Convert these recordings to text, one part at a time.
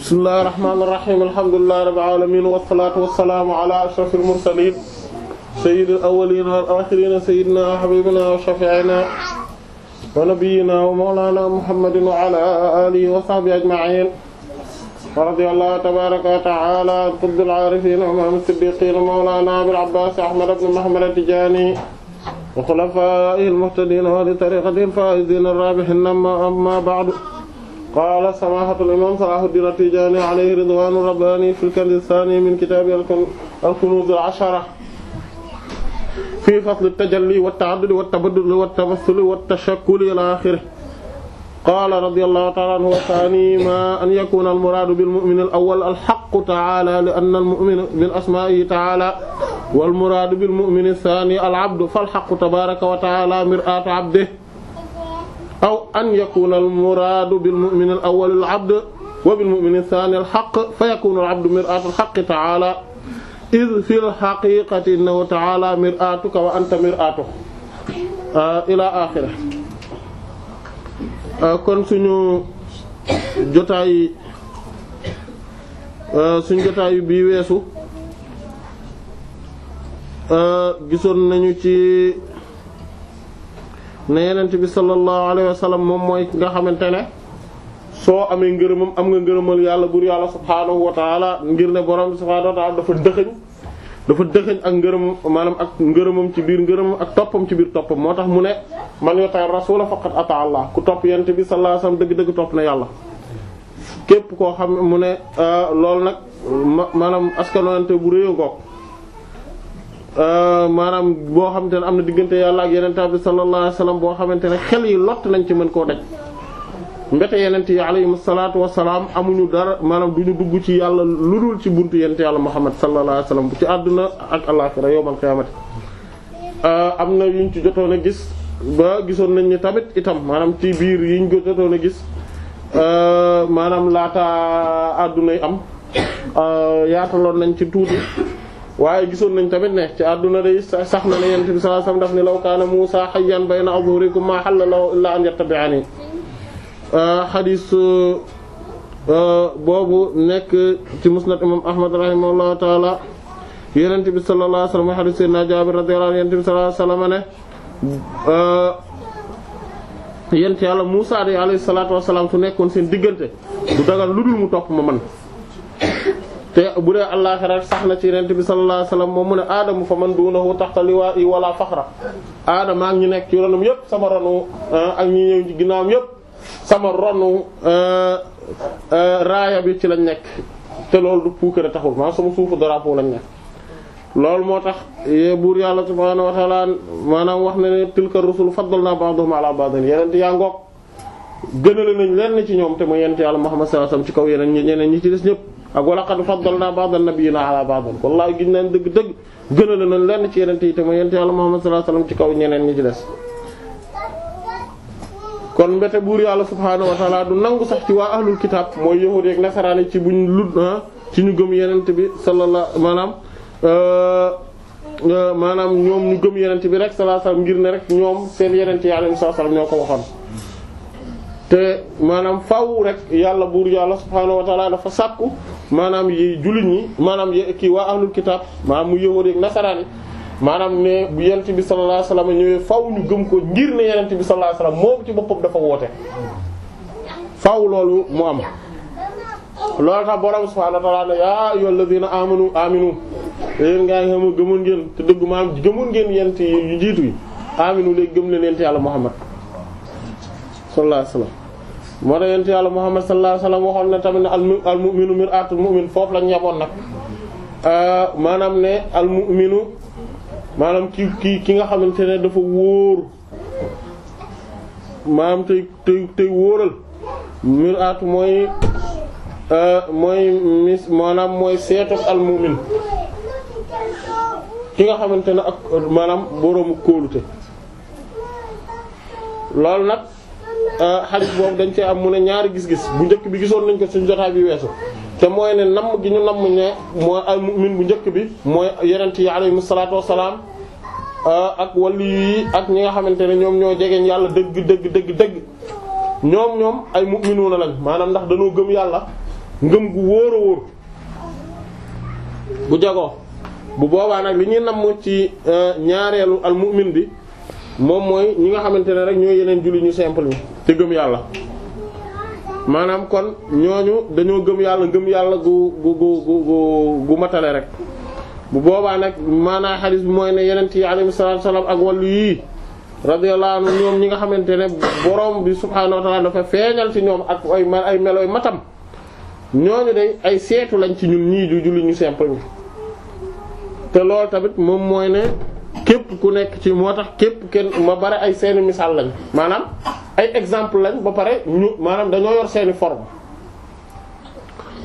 bismillahir rahmanir rahim alhamdulillahi rabbil alamin wassalatu wassalamu ala ashrafil mursalin sayyidil awwalin wal akhirin sayyidina wa habibina wa shafi'ina wa nabiyyina wa mawlana muhammadin wa ala alihi wa sahbihi ajma'in ورضي الله تبارك وتعالى عن قطب العارفين وإمام الصديقين مولانا أبي العباس أحمد بن محمد التجاني wa xulafaa'ihi al-muhtadiina wa li tariiqatihi al-faa'iziina ar-raabihiina ammaa ba'du qaala samaahatul imaam Salaahudiin at-Tijaani alayhi ridwaanu rabbaani fil kanzi as-saani min kitaabi al-kunuuz al-ashara fii fasli at-tajalli wat-ta'addudi wat-tabadduli wat-tamassuli wat-tashakkuli ilaa aaxirihi qaala radiyallahu ta'ala anhu wa thaniima an yakuna al-muraadu bil-mu'min al-awwal al-haqqu ta'ala li anna al-mu'mina min asmaa'ihi ta'ala wal-muraadu bil-mu'min ath-thaani al-'abdu fal-haqqu tabaaraka wa ta'ala mir'aatu 'abdihi aw an yakuna al-muraadu bil-mu'min al-awwal al-'abdu wa bil-mu'min ath-thaani al-haqqu fa yakunu al-'abdu mir'aatu al-haqqi ta'ala idh fi al-haqiiqati innahu ta'ala mir'aatuka wa anta mir'aatuhu ilaa aaxirihi Euh, kon suñu jotaay euh, suñ jotaay bii weesu euh, gisoon nañu ci ne yenent bi sallallahu alayhi wa sallam moom mooy nga xamante ne soo amee ngërëmam am nga ngërëmal yàlla buur yàlla subhaanahu wa taala ngir ne borom bi subhaanahu wa dafa dëxëñ dafa dëxëñ ak ngërëm maanaam ak ngërëmam ci biir ngërëm ak toppam ci biir toppam moo tax mu ne man yota rasula faqad ata allah ku topp yent bi sallallahu alayhi wasallam dëgg-dëgg topp na yàlla képp koo xam mu ne euh, loolu nag maanaam askanonante bu réy a ngoog euh, maanaam boo xam xamante ne am na diggante yàlla ak yeneen bi sallallahu alayhi wasallam boo xamante ne xel yi lott nañ ci mën koo daj mbete yenent yi alayhim salaatu wasalaam amuñu dara maanaam ñu dugg ci yàlla lu dul ci buntu yent yàlla Muhammad sallallahu alayhi bu ci àdduna ak alaaxira yawmal qiyaamati euh, am na yuñ ci jotoon a gis ba gisoon nañ ni tamit itam maanaam ci biir yiñ ko jotoon a gis euh, maanaam laataa àdduna yi am euh, yaataloon nañ ci tuuti waaye gisoon nañ tamit ne ci àdduna day sax na ne yenent bi sallallahu alayhi wasallam daf ni law kaana Muusaa hayyan bayna azhurikum maa halla lahu illaa an yattabi'anii Euh, xadis euh, euh, boobu nekk ci musnad imam ahmad rahimahullahu taala yenent bi sallallahu alayhi wa sallam xadis sayyidina jaabir radiyallahu anhu yenent bi sallallahu alayhi wa sallam ne yent yàlla Muusaa de alayhi salaatu wasalaam su nekkoon seen diggante du dagal lu dul mu topp ma man te bu dee àllaaxira sax na ci yonent bi sallallahu alayhi wasallam moom mu ne aadamu fa man duunahu taxta liwaa'i wala faxra aadama ak ñu nekk ci ronam yépp sama ronu ak ñi ñëw ci sama ronu euh, euh, raaya bi ci lañ nekk te loolu du puukare taxul maanaam sama suufu drapeau lañ nekk loolu moo tax buur yàlla subhaanahu wa ta'ala maanaam wax na ne tilka rusul faddalna ba'dahum ala ba'din yeneen yaa ngoog gënale nañ lenn ci ñoom te mu yent yàlla Muhammad sallallahu alayhi wasallam ci kaw yeneen ñi ñeneen ñi ci des ñëpp ak wa laqad faddalna ba'da nabiyina ala ba'din wallahi giñ nañ dëgg dëgg gënale nañ lenn ci yeneen yi te mu yent yàlla Muhammad sallallahu alayhi wasallam ci kaw ñeneen ñi ci des kon mbete buur yàlla subhaanahu wa taala du nangu sax ci waa ahlul kitab mooy yahuud ak nasaraan yi ci buñ lud ci ñu gëm yenent bi sallallahu maanaam euh, euh, maanaam ñoom ñu gëm yenent bi rek sallallahu alayhi wasallam ngir ne rek ñoom seen yenent yi alayhi wasallam ñoo ko waxoon te maanaam faw rek yàlla buur yàlla subhaanahu wa dafa sàkku maanaam yi jullit ñi maanaam kii waa ahlul kitab maanaam mu yahuud ak nasaraan yi maanaam ne bu yonent bi sallallahu alayhi wasallam ñëwee faaw ñu gëm ko ngir ne yonent bi sallallahu alayhi moom ci boppam dafa woote faaw loolu mu am. loolu tax borom subhaanahu wa ta'aala ne yaa ayyuhal ladhiina aamanu aaminu yéen ngaa yàlla Muhammad sallallahu alayhi wasallam tamit ne foofu lañ ñaboon nag maanaam ne al mu'minu maanaam ki ki ki nga xamante ne dafa wóor maanaam tey tey tey wóoral miraat mooy euh, mooy mis maanaam mooy seetu al mu'min ki nga xamante ne ak maanaam boroomu kóolute loolu nag euh, xadis boobu dañ cee am mu ne ñaari gis-gis bu njëkk bi gisoon nañ ko suñ jotaay bi weesu te mooy ne namm gi ñu namm ne mooy al mu'min bu njëkk bi mooy yonent yi alayhimu salaatu wa salaam euh, ak wàllu yi ak ñi nga xamante ne ñoom ñoo jegeñ yàlla dëgg dëgg dëgg dëgg ñoom ñoom ay mu'minuuna lañ maanaam ndax dañoo gëm yàlla ngëm gu wóor wóor bu jagoo bu boobaa nag li ñuy namm ci euh, ñaareelu al mu'min bi moom mooy ñi nga xamante ne rek ñoo yeneen julli ñu simple ñi te gëm yàlla maanaam kon ñooñu dañoo gëm yàlla gëm yàlla gu gu gu gu gu matale rek bu boobaa nag maanaam xadis bi mooy ne yenent yi alayhi salaatu wa ak wàllu yii radiyallahu anhu ñoom ñi nga xamante ne borom bi subhaanahu wa ta'ala dafa feeñal ci ñoom ak ay ay melooy matam ñooñu de ay seetu lañ ci ñun ñii du julli ñu simple te loolu tamit moom mooy ne képp ku nekk ci moo tax képp kenn ma bari ay seeni misaal lañ maanaam ay exemple lañ ba pare ñu maanaam dañoo yor seeni forme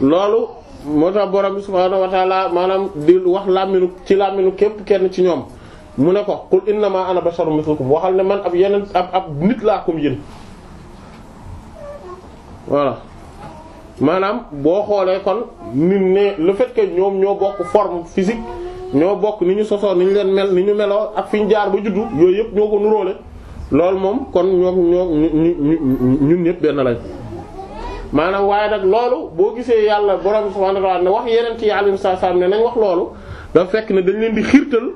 loolu moo tax borom bi subhaanahu maanaam di wax làmminu ci làmminu képp kenn ci ñoom mu ne ko qul innama ana basharun mithlukum waxal ne man ab yeneen ab ab nit laa comme yéen voilà maanaam boo xoolee kon nit ne le fait ñoom ñoo bokk forme physique ñoo bokk ni ñu sosoo ni ñu leen mel ni ñu meloo ak fi ñu jaar ba juddu yooyu yëpp ñoo ko nuróole loolu moom kon ñoom ñoo ñun ñëpp benn lañ maanaam waaye nag loolu boo gisee yàlla borom subhanahu wa ta'ala ne wax yeneen ci saa saa ne nañ wax loolu dafa fekk ne dañu leen di xiirtal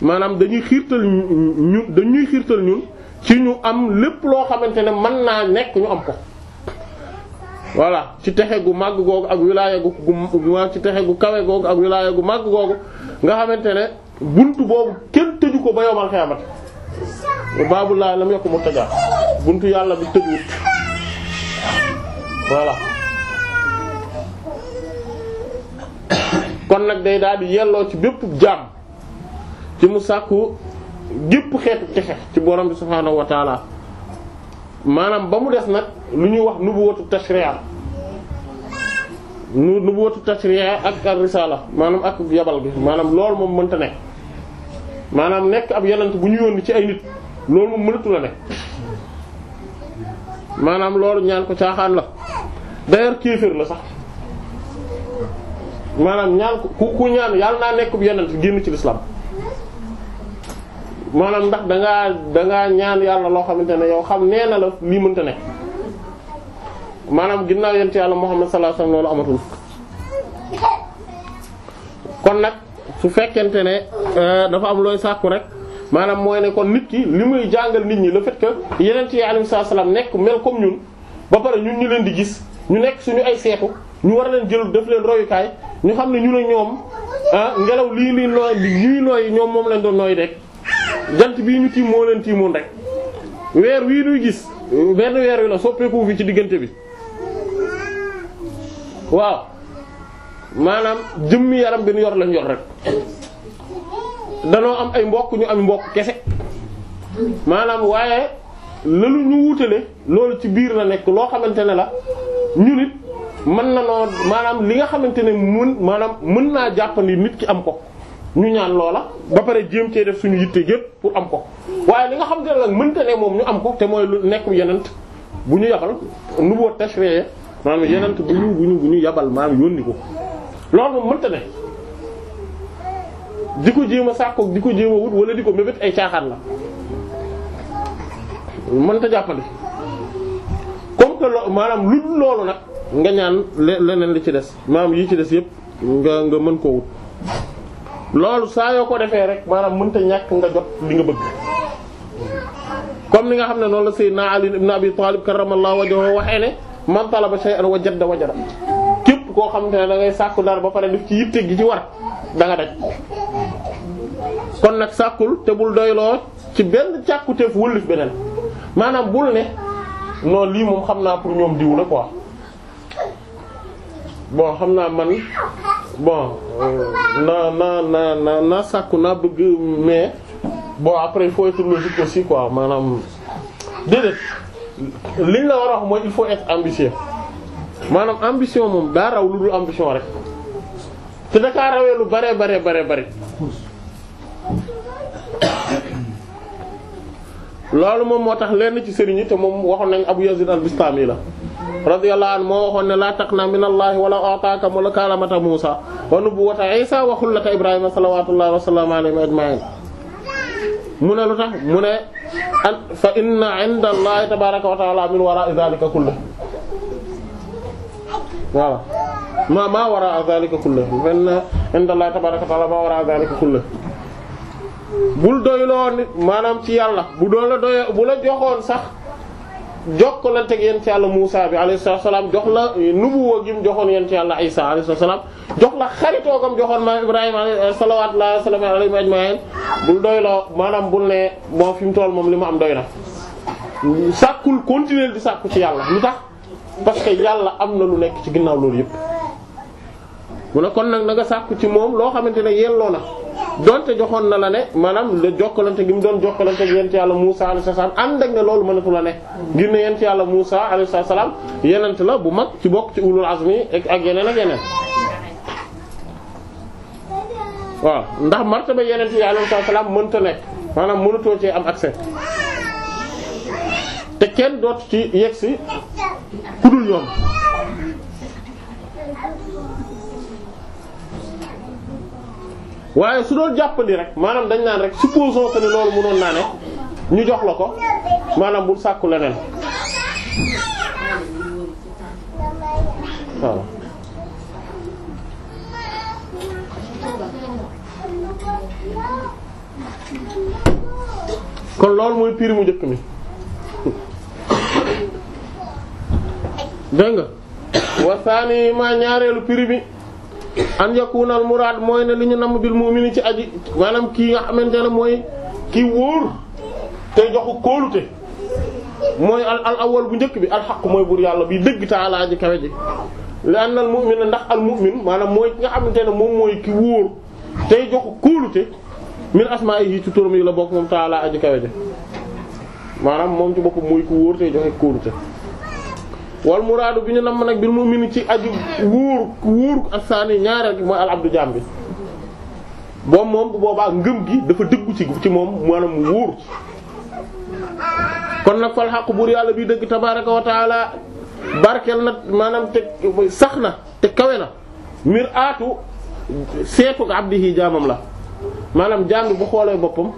maanaam dañuy xiirtal ñu dañuy xiirtal ñun ci ñu am lépp loo xamante ne man naa nekk ñu am ko. voilà ci texe gu màgg googu ak wilaaya gu gu ci texe gu kawe googu ak wilaaya gu màgg googu nga xamante ne buntu boobu kenn tëju ko ba yowmal xiyaamat baabu laa lam yokk mu tëjaat buntu yàlla bi tëjuwut voilà kon nag day daal di yelloo ci bépp jaam ci mu sàkku gépp xeetu texe ci borom bi subhaanahu wa maanaam ba mu des nag lu ñuy wax nubuwatu tashri'a nubuwatu tashri'a ak ar risala maanaam ak yabal bi maanaam loolu moom mënta nekk maanaam nekk ab yonent bu ñu yónni ci ay nit loolu moom mënatu la maanaam loolu ñaan ko caaxaan la d'ailleurs kéefër la sax maanaam ñaan ko ku ñaan yàlla naa nekk bu bi génn ci lislaam maanaam ndax dangaa dangaa ñaan yàlla loo xamante ne yow xam nee na la lii mënta nekk maanaam ginnaaw yent yàlla Muhammad sallallahu alayhi wasallam loolu amatul kon nag su fekkente ne euh, dafa am looy sàkku rek maanaam mooy ne kon nit ki li muy jàngal nit ñi la fait que yenent yi alayhi salaam nekk mel comme ñun ba pare ñun ñu leen di gis ñu nekk suñu ay seetu ñu war leen jël def leen royukaay ñu xam ne ñun ne ñoom ah, ngelaw lii lii nooy lii nooy ñoom moom lañ doon nooy rek jant bii ñu tiim moo leen tiimoon rek weer wii nuy gis benn weer wi la soppeeku fi ci diggante bi waaw maanaam jëmmi yaram bi ñu yor lañ yor rek danoo am ay mbokk ñu am mbokk kese maanaam waaye lalu ñu wutale loolu ci biir la nekk loo xamante ne la ñu nit mën na noo maanaam li nga xamante ne mën maanaam mën naa jàppandi nit ki am ko ñu ñaan loola ba pare jéem cee def suñu yitte yépp pour am ko waaye li nga xamante ne la mënta ne moom ñu am ko te mooy lu nekk yenent bu ñu yaxal nu boo tashriye maanaam yeneen bu ñu bu ñu bu ñu yabal maanaam yónni ko loolu moom mënta ne di ko jéem a sàkkoog di ko jéem wut wala di ko mébét ay caaxaan la mënta jàppandi comme que loo maanaam lu loolu nag nga ñaan leneen li ci des maanaam yi ci des yëpp nga mën koo loolu saa yoo ko defee rek maanaam mënta ñàkk nga jot li nga bëgg comme ni nga xam ne noonu la Seydina Ali ibn Abi Talib karramallahu wajhahu waxee ne man talaba shay'an wajada wajada képp koo xamante ne dangay ngay sàkku dara ba pare def ci yitte gi ci war da daj kon nag sàkkul te bul doyloo ci benn càkkuteef wëllif beneen maanaam bul ne non lii moom xam naa pour ñoom diw la quoi bon xam naa man bon euh, na na na na naa sàkku naa bëgg mais bon après il faut être logique maanaam déedéet liñ la war a wax mooy il faut être maanaam ambition moom daa raw lu dul ambition rek te dakaa rawee lu bare bare bare bare loolu moom moo tax lenn ci sëriñ yi te moom waxoon nañ Abu Yazid al-Bistami la radiyallahu anhu moo waxoon ne laa taqna min allahi wala ataaka mulkalamata Musa wa nubuwata Isa wa xullata Ibrahima salawatullahi wa salamu alayhi mu ne lu tax mu ne fa inna inda allahi tabaraka wa taala min wara zalika kullu waaw ma maa wara zalika kullu fa inna inda allahi tabaraka wa taala maa wara zalika kullu bul doyloo nit maanaam ci yàlla bu doon la doyoo joxoon sax jokkalante ak ci yàlla Muusa bi alayhi salaam jox la nubuwa gi mu joxoon yent yàlla Isa alayhi salaam jox la xaritoogam joxoon ma Ibrahima salawaatu laahi salaam alayhi ajma'iin bul doyloo maanaam bul ne moom fi mu toll moom li mu am doy na sàkkul continuer di sàkku ci yàlla lu tax parce que yàlla am na lu nekk ci ginnaaw loolu yëpp mu ne kon nag na nga sàkku ci moom loo xamante ne yelloo na donte joxoon na la ne maanaam le jokkalante gi mu doon jokkalante ak yent yàlla Musa alayhi salaam ànd loolu mënatu la ne ngir ne yent yàlla Musa alayhi salaam yenent la bu mag ci bokk ci ulul azmi ak yeneen ak yeneen waaw ndax martaba yenent yàlla Musa alayhi salaam mënta nekk maanaam mënatoo cee am accès te kenn dootu ci yegsi ku dul yoon waaye su doon jàppandi rek maanaam dañ naan rek supposons que ne loolu mënoon naa ne ñu jox la ko maanaam bul sàkku leneen kon loolu mooy piir mu njëkk mi dégg nga ñaareelu piir bi an yakuna al muraad mooy ne li ñu namm bil mu'mini ci aji maanaam kii nga xamante ne mooy kii wóor te joxu kóolute mooy al al awwal bu njëkk bi al xaq mooy yàlla bi dëgg taalaa ji kawe ji li ndax al mu'min maanaam mooy ki nga xamante ne moom mooy ki wóor tey joxu kóolute min asma'ihi ci turam yi la bokk moom taalaa aji kawe maanaam moom ci bopp mooy ki wóor tey joxe kóolute wal muraadu bi ñu namm nag mu ni ci aju wóor wóor asaani ñaareel gi mooy al abdu jaam bi boobu moom bu boobaa ngëm gi dafa dëggu ci ci moom maanaam mu wóor kon nag fal xaq buur yàlla bi dëgg tabaaraka wa taala barkeel na maanaam te sax na te kawe na mir aatu seetu abdihi jaamam la maanaam jaam bi bu xoolee boppam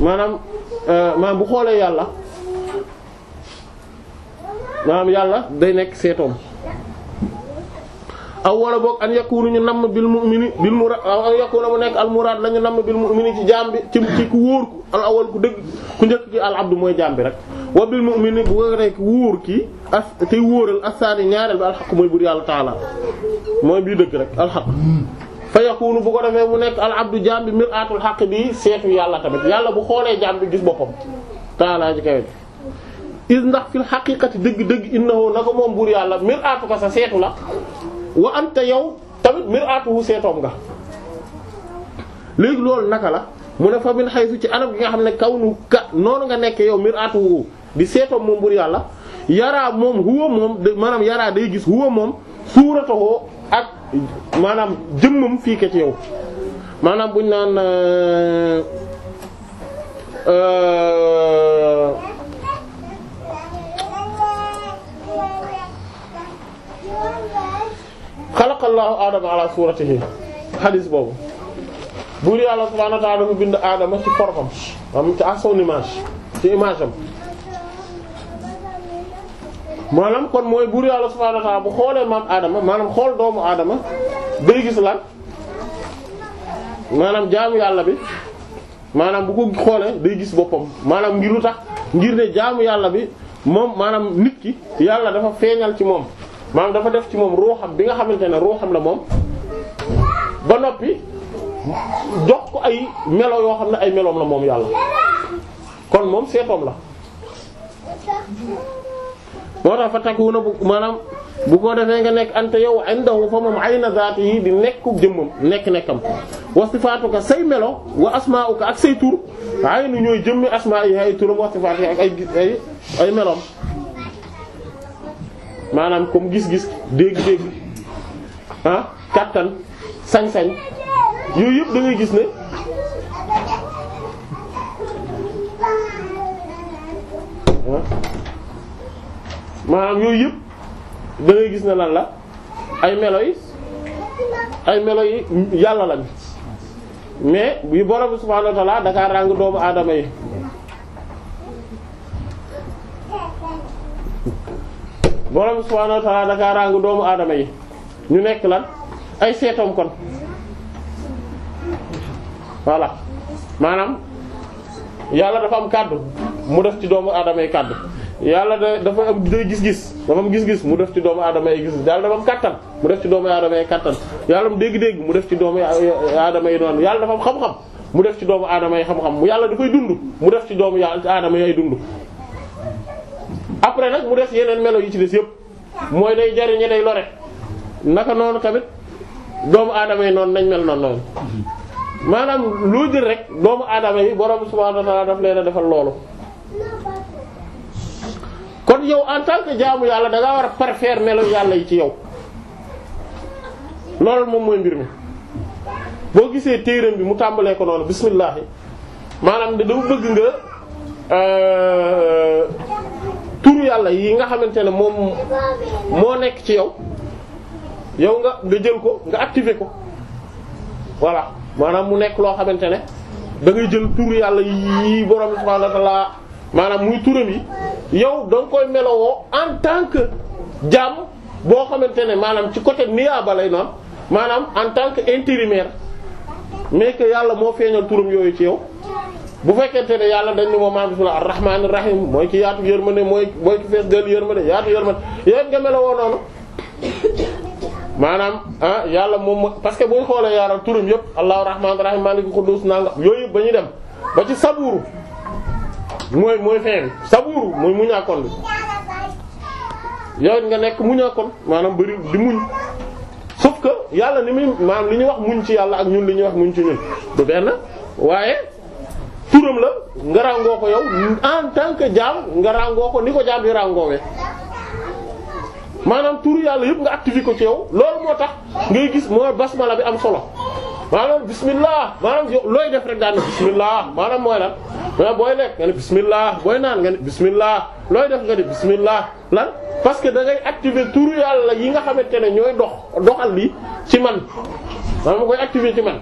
maanaam euh, maanaam bu xoolee yàlla maanaam yàlla day nekk seetoom aw wala boog an yakunu ñu namm bil mu'mini bil muraad aw an mu nekk al muraad lañu nam bil mu'mini ci jaam bi ci ci ku wóor ku al awal ku dëgg ku njëkk ki al abdu mooy jaam bi rek wa bil mu'mini bu ko yàlla taala mooy bii dëgg rek alxaq fa yakunu bu ko defee mu nekk al abdu jaam bi mir'atul xaq bi seetu yàlla tamit yàlla bu xoolee jaam bi gis boppam taala ci kawe is ndax fil xaqiqati dëgg-dëgg innahu naka moom buur yàlla mir'atu ko sa seetu la wa anta yow tamit mir'atuhu seetoom nga léegi loolu naka la mu ne fa min haythu ci anam gi nga xam ne kaw nu ka noonu nga nekke yow mir'atuhu di seetoom moom buur yàlla yaraa moom huwa moom maanaam yaraa day gis huwa moom suuratoo ak maanaam jëmmam fii ke ci yow maanaam buñ naan euh, euh, xalaqallaahu aadama ala suratihi xadis boobu buur yàlla subhaanahu wa dafa bind aadama ci forfam am ci à son image ci image am maanaam kon mooy buur yàlla subhaanahu wa bu xoolee maam aadama maanaam xool doomu aadama day gis lan maanaam jaamu yàlla bi maanaam bu ko xoolee day gis boppam maanaam ngir tax ngir ne jaamu yàlla bi moom maanaam nit ki yàlla dafa feeñal ci moom maanaam dafa def ci moom ruuxam bi nga xamante ne ruuxam la moom ba noppi jox ko ay melo yoo xam ne ay meloom la moom yàlla kon moom seetoom la moo tax fa takkuuna bu maanaam bu ko defee nga nekk ant yow indahu fa moom ayna zaati yi di nekku jëmmam nekk nekkam wa sifaatuka say melo wa asmaa'uka ak say tur aynu ñooy jëmmi asmaa yi ay turam wa sifaatuka ak ay ay ay meloom maanaam comme gis-gis dégg-dégg ah kàttan sañ-sañ yooyu yëpp da gis ne ah, maanaam yooyu yëpp da gis ne lan la ay melo yi ay melo yi yàlla lañ mais bu borom subhaanahu wa ràng doomu aadama yi borom subhaanahu wa ta'aala daka doomu aadama yi ñu nekk lan ay seetoom kon voilà maanaam yàlla dafa am kàddu mu def ci doomu aadama yi kàddu yàlla da dafa am day gis-gis dafa am mu def ci doomu aadama yi gis-gis yàlla kàttan mu def ci doomu aadama yi kàttan yàlla mu dégg-dégg mu def ci doomu aadama yi noonu yàlla dafa am xam-xam mu def ci doomu aadama yi xam-xam mu yàlla dafay dund mu def ci doomu aadama yi ay dund après nag mu des yeneen melo yi ci des yëpp mooy day jariñe day lore naka noonu tamit doomu adama yi noonu nañ mel noonu noonu maanaam loo jël rek doomu aadama yi borom subhaanahu wa ta'aala leen a defal loolu kon yow en tant que jaamu yàlla da ngaa war a parfaire melo yàlla yi ci yow loolu moom mooy mbir mi boo gisee téeram bi mu tàmbalee ko noonu bismillaahi maanaam dama bëgg nga euh, turu yàlla yi nga xamante ne moom moo nekk ci yow yow nga nga jël ko nga activer ko voilà maanaam mu nekk loo xamante ne da ngay jël turu yàlla yi borom subhaanahu wa ta'aala maanaam muy turam yi yow da nga koy melowoo en tant que jàmm boo xamante ne maanaam ci côté niyaaba lay noonu maanaam en tant que intérimaire mais que yàlla moo feeñal turam yooyu ci yow bu fekkente ne yàlla dañ ne moo maa bismillah ar-rahmaan mooy ki yaatu yërmande mooy mooy ki fees del yërmande yaatu yërmande yéen nga meloo noonu maanaam ah yàlla moom parce que booy xoolee yàlla turam yëpp allahu rahmaan ar-rahiim maalikul qudduus nanga yooyu yëpp ba ñu dem ba ci sabuuru mooy mooy feeñ sabuuru mooy mu ñàkkoon bi yow nga nekk mu ñàkkoon maanaam bari di muñ sauf que yàlla ni muy maanaam li ñuy wax muñ ci yàlla ak ñun li ñu wax muñ ci ñun du benn waaye. turam la nga ràngoo ko yow en tant que jaam nga ràngoo ko ni ko jaam di ràngoowee maanaam turu yàlla yëpp nga activé ko ci yow loolu moo tax ngay gis mooy basmala bi am solo maanaam bismillah maanaam yow looy def rek daan ne bismillah maanaam mooy lan mais booy lekk nga ne bismillah booy naan nga ne bismillah looy def nga ne bismillah lan parce que da ngay activé turu yàlla yi nga xamante ne ñooy dox doxal lii ci man maanaam koy activé ci man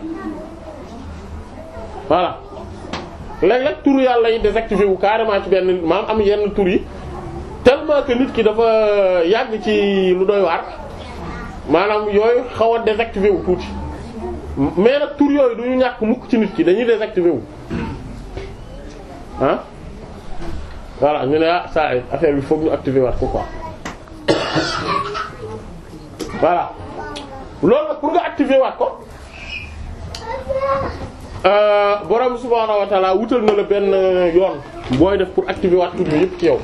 voilà. léeg-léeg tur yàlla yi désactivé wu carrément ci benn maam am yenn tur yi tellement que nit ki dafa yàgg ci lu doy waar maanaam yooyu xaw a désactivé wu tuuti mais nag tur yooyu duñu ñàkk mukk ci nit ki dañuy désactivé wu ah voilà ñu ne ah saa affaire bi foog ñu activé waat ko quoi voilà loolu nag pour nga activé ko Euh, borom subhaanahu wa wutal na la benn yoon booy def pour activer waat tur bi yëpp ci yow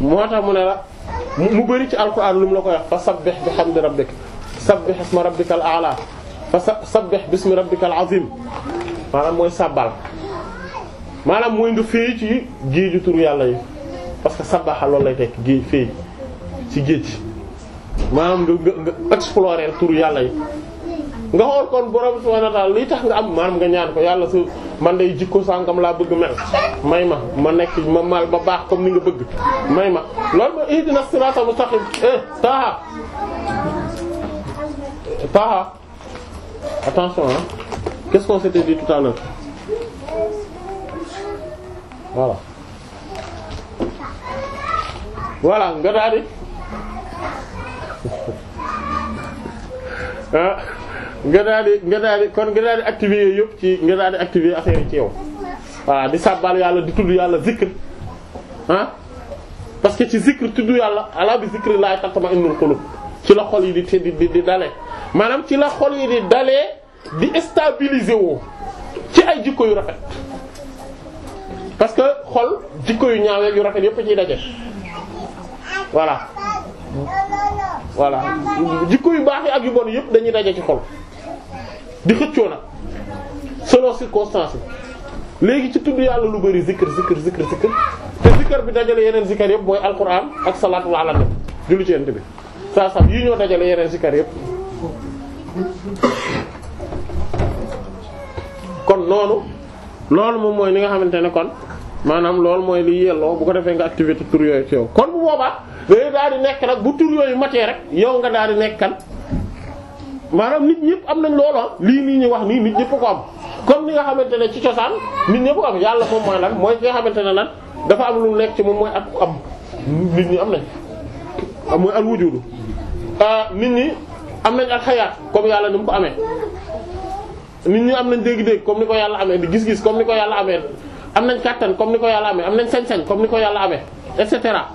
moo tax mu ne la mu bëri ci alquran lu mu la koy wax fa sabbih bihamdi rabbik sabbih isma rabbikal a'la fa sabbih bismi rabbikal azim maanaam mooy sabbal maanaam mooy nga féey ci géeju tur yàlla yi parce que sabbaxa loolu lay tekk géej féey ci géej maanaam nga nga tur yàlla yi nga xool kon borom subhanahu wa ta'ala li tax nga am maanaam nga ñaan ko yàlla su man day jikko sàngam laa bëgg mel may ma ma nekk ma mal ma baax comme ni nga bëgg may ma loolu ma ihdina sirata mustaqim eh taaha taaha attention hein qu'est-ce qu'on nga daal di eh. nga daal nga daal kon nga daal di activer yëpp ci nga daal di activer affaire ci yow voilà di sàbbal yàlla di tudd yàlla zikr ah parce que ci zikr tudd yàlla ala bi zikr laay tatma innul qulub ci la xol yi di te di di dalee maanaam ci la xol yi di dalee di stabiliser woo ci ay jikko yu rafet parce que xol jikko yu ñaawee yu rafet yëpp ciy daje voilà voilà jikko yu baax yi ak yu bon yëpp dañuy daje ci xol di xëccoo nag selon circonstance yi léegi ci tudd yàlla lu bari zikr zikr zikr zikr te zikr bi dajale yeneen zikr yëpp mooy alquran ak salaatu ala nabi julli ci bi saa saa yii ñoo dajale yeneen zikr yëpp kon noonu loolu moom mooy li nga xamante ne kon maanaam loolu mooy li yelloo bu ko defee nga activité tur yooyu kon bu boobaa day daal di nekk nag bu tur yooyu matee rek yow nga daal di nekk maanaam nit ñëpp am nañ loola lii lii ñuy wax nii nit ñëpp ko am comme ni nga xamante ne ci cosaan nit ñëpp ko am yàlla moom mooy lan mooy nga xamante ne lan dafa am lu nekk ci moom mooy ak am nit ñi am nañ mooy al wujudu ah, nit ñi am nañ ak xayaat comme yàlla ni ko amee nit ñi am nañ dégg-dégg comme ni ko yàlla amee di gis-gis comme ni ko yàlla amee am nañ kàttan comme ni ko yàlla amee am nañ sañ-sañ comme ni ko yàlla amee et cetera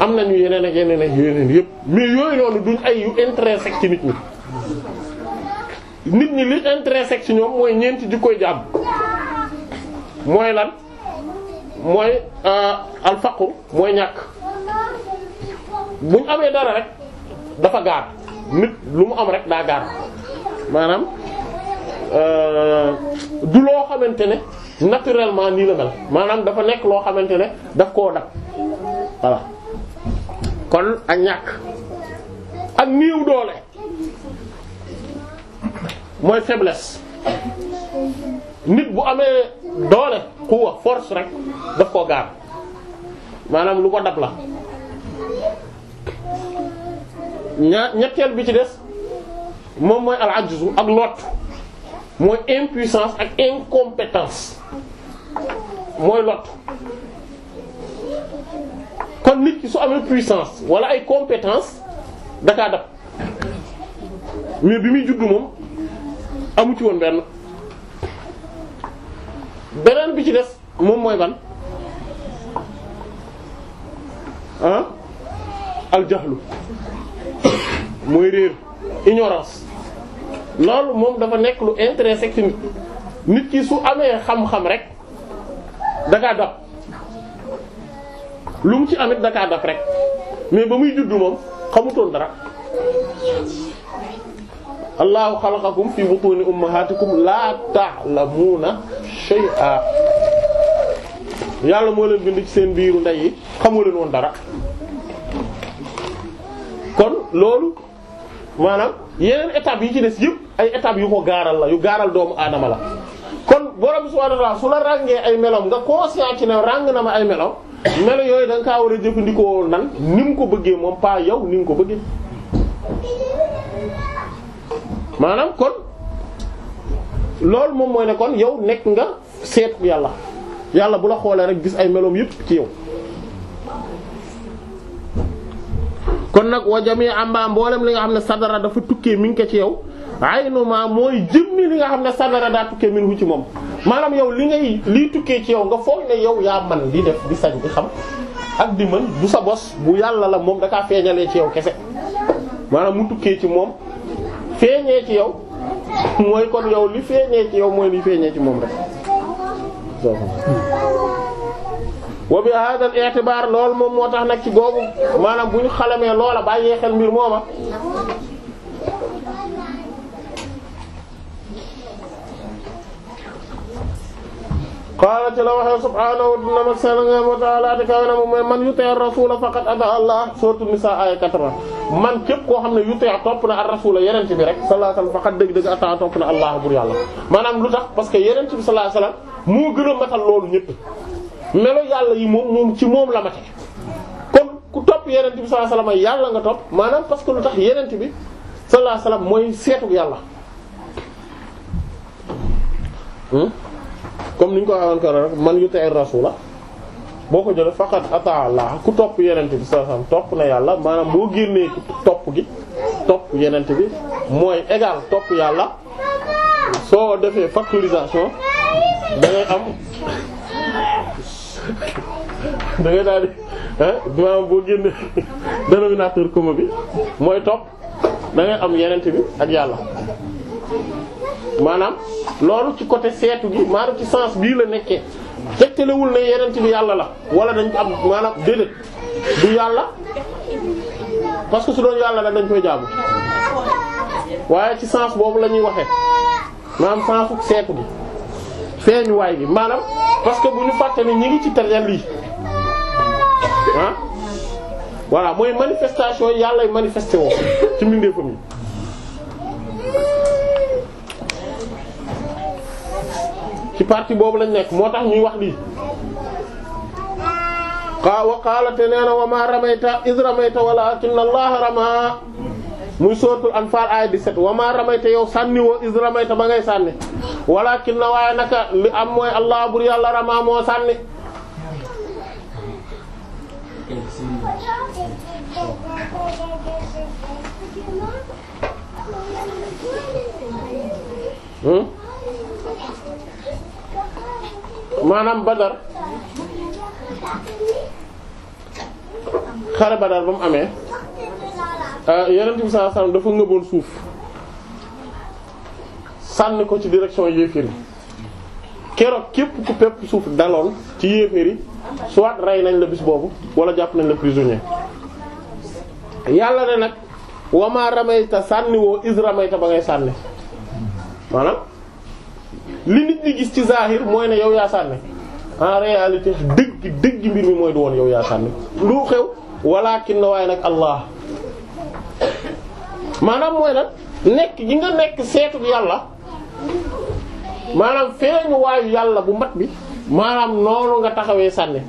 am nañu yeneen ak yeneen ak yeneen yëpp mais yooyu noonu duñ ay yu intrinsèque ci nit ñi nit ñi li intrinsèque ci ñoom mooy ñeenti di koy jàpp mooy lan mooy euh, alfaqu mooy ñàkk buñ amee dara rek dafa gaar nit lu mu am rek daa gaar maanaam euh, du loo xamante ne naturellement nii la mel maanaam dafa nekk loo xamante ne daf koo dab voilà kon ak ñàkk ak néew doole mooy faiblesse nit bu amee doole xuwa force rek daf koo gaar maanaam lu ko dab la ñaa ñetteel bi ci des moom mooy al ajzu ak lot mooy impuissance ak incompétence mooy lot kon nit ki su amee puissance wala ay compétence dakaa dab mais bi muy juddu moom amu ci woon benn beneen bi ci des moom mooy ban ah aljaxlu mooy réer ignorance loolu moom dafa nekk lu intéressé ci nit nit ki su amee xam-xam rek dakaa dab lu mu ci amit dakaa daf rek mais ba muy juddu moom xamutoon dara allahu xalaqakum fi butuni ummahatikum la ta'lamuna shay'a yàlla moo leen bind ci seen biiru ndey yi xamu leen woon dara kon loolu maanaam yeneen étapes yi ci des yëpp ay étapes yu ko gaaral la yu gaaral doomu aadama la kon boo subhanahu wa ta'ala su la ràngee ay meloom nga conscient ci ne ràng na ma ay meloom melo yooyu da nga kaa war a jëfandikoo nan ni mu ko bëggee moom paa yow ni mu ko bëggee maanaam kon loolu moom mooy nekkoon kon yow nekk nga seetu yàlla yàlla bu la xoolee rek gis ay meloom yépp ci yow kon nag wa jami amba mboolem li nga xam ne sadara dafa tukkee mi ko ci yow aynuma mooy jëmmi li nga xam ne sadara daa tukkee minhu ci moom maanaam yow li ngay lii tukkee ci yow nga foog ne yow yaa man di def di sañ di xam ak di mën du sa bos bu yàlla la moom daka feeñalee ci yow kese maanaam mu tukkee ci moom feeñee ci yow mooy kon yow li feeñee ci yow mooy li feeñee ci moom rek wa bi hada al i'tibar moom moo tax nag ci googu maanaam bu ñu xalamee loola bàyyee xel mbir mooma qaala ci la waxee subhaanahu wa ta'aala te kawe na moom mooy man yuti' rasuula faqad ataa Allah suuratu nisaa aaya 80 man képp koo xam ne yuti' topp na ar rasuula rek sallallahu alayhi wa topp na Allah bur maanaam lu tax parce que yonent bi sallallahu alayhi la sallam moo gën a matal loolu ñëpp melo yàlla yi moom moom ci la mate ku topp yonent bi sallallahu alayhi wa sallam yàlla nga topp maanaam parce que lu tax yonent bi sallallahu alayhi wa sallam mooy seetu yàlla. Hmm? comme ni ñu ko waxee woon keroog rek man yuti'ir boo ko jëlee faqat ata Allah ku topp yenent bi sallallahu alayhi topp na yàlla maanaam boo génnee topp gi topp yenent bi mooy égal topp yàlla soo defee factorisation da am da ngay daal di maanaam boo génnee dénominateur commun bi mooy topp da am yenent bi ak yàlla maanaam loolu ci côté seetu bi maanaam ci sens bii la nekkee tegtalewul ne yenent bi yàlla la wala dañ ko am maanaam déedéet du yàlla parce que su doon yàlla la dañ koy jaamu waaye ci sens boobu la ñuy waxee maanaam sensu seetu bi feeñuwaay bi maanaam parce que bu ñu fàtte ne ñi ngi ci tajal lii ah voilà mooy manifestation yàlla manifesté woo ci mbindeefam yi ci parti boobu lañ nekk moo tax ñuy wax lii xaa wa qaala te nee wa ma ramayta iz ramayta walakinna allaha rama muy sootul anfaal aaya 17 wa ma ramayta yow sànni woo iz ramayta ba ngay sànni walakinna waaye naka am mooy allah bur yàlla moo sànni hmm? maanaam Badar xare Badar ba mu amee euh, Yonent bi sallallahu alayhi wasallam dafa ngëboon suuf sànni ko ci direction yéeféer yi keroog képp ku pepp suuf daloon ci yéeféer yi soit rey nañ la bis boobu wala jàpp nañ la prisonnier yàlla ne nag wamaa ramayta sànni woo is ramayta ba ngay sànni maanaam li nit ñi gis ci zahir mooy ne yow yaa sànni en réalité dëgg dëgg mbir mi mooy du woon yow yaa sànni lu xew walaakin na waaye nag allah maanaam mooy nag nekk gi nga nekk seetu yàlla maanaam feeñu waayu yàlla bu mat bi maanaam noonu nga taxawee sànni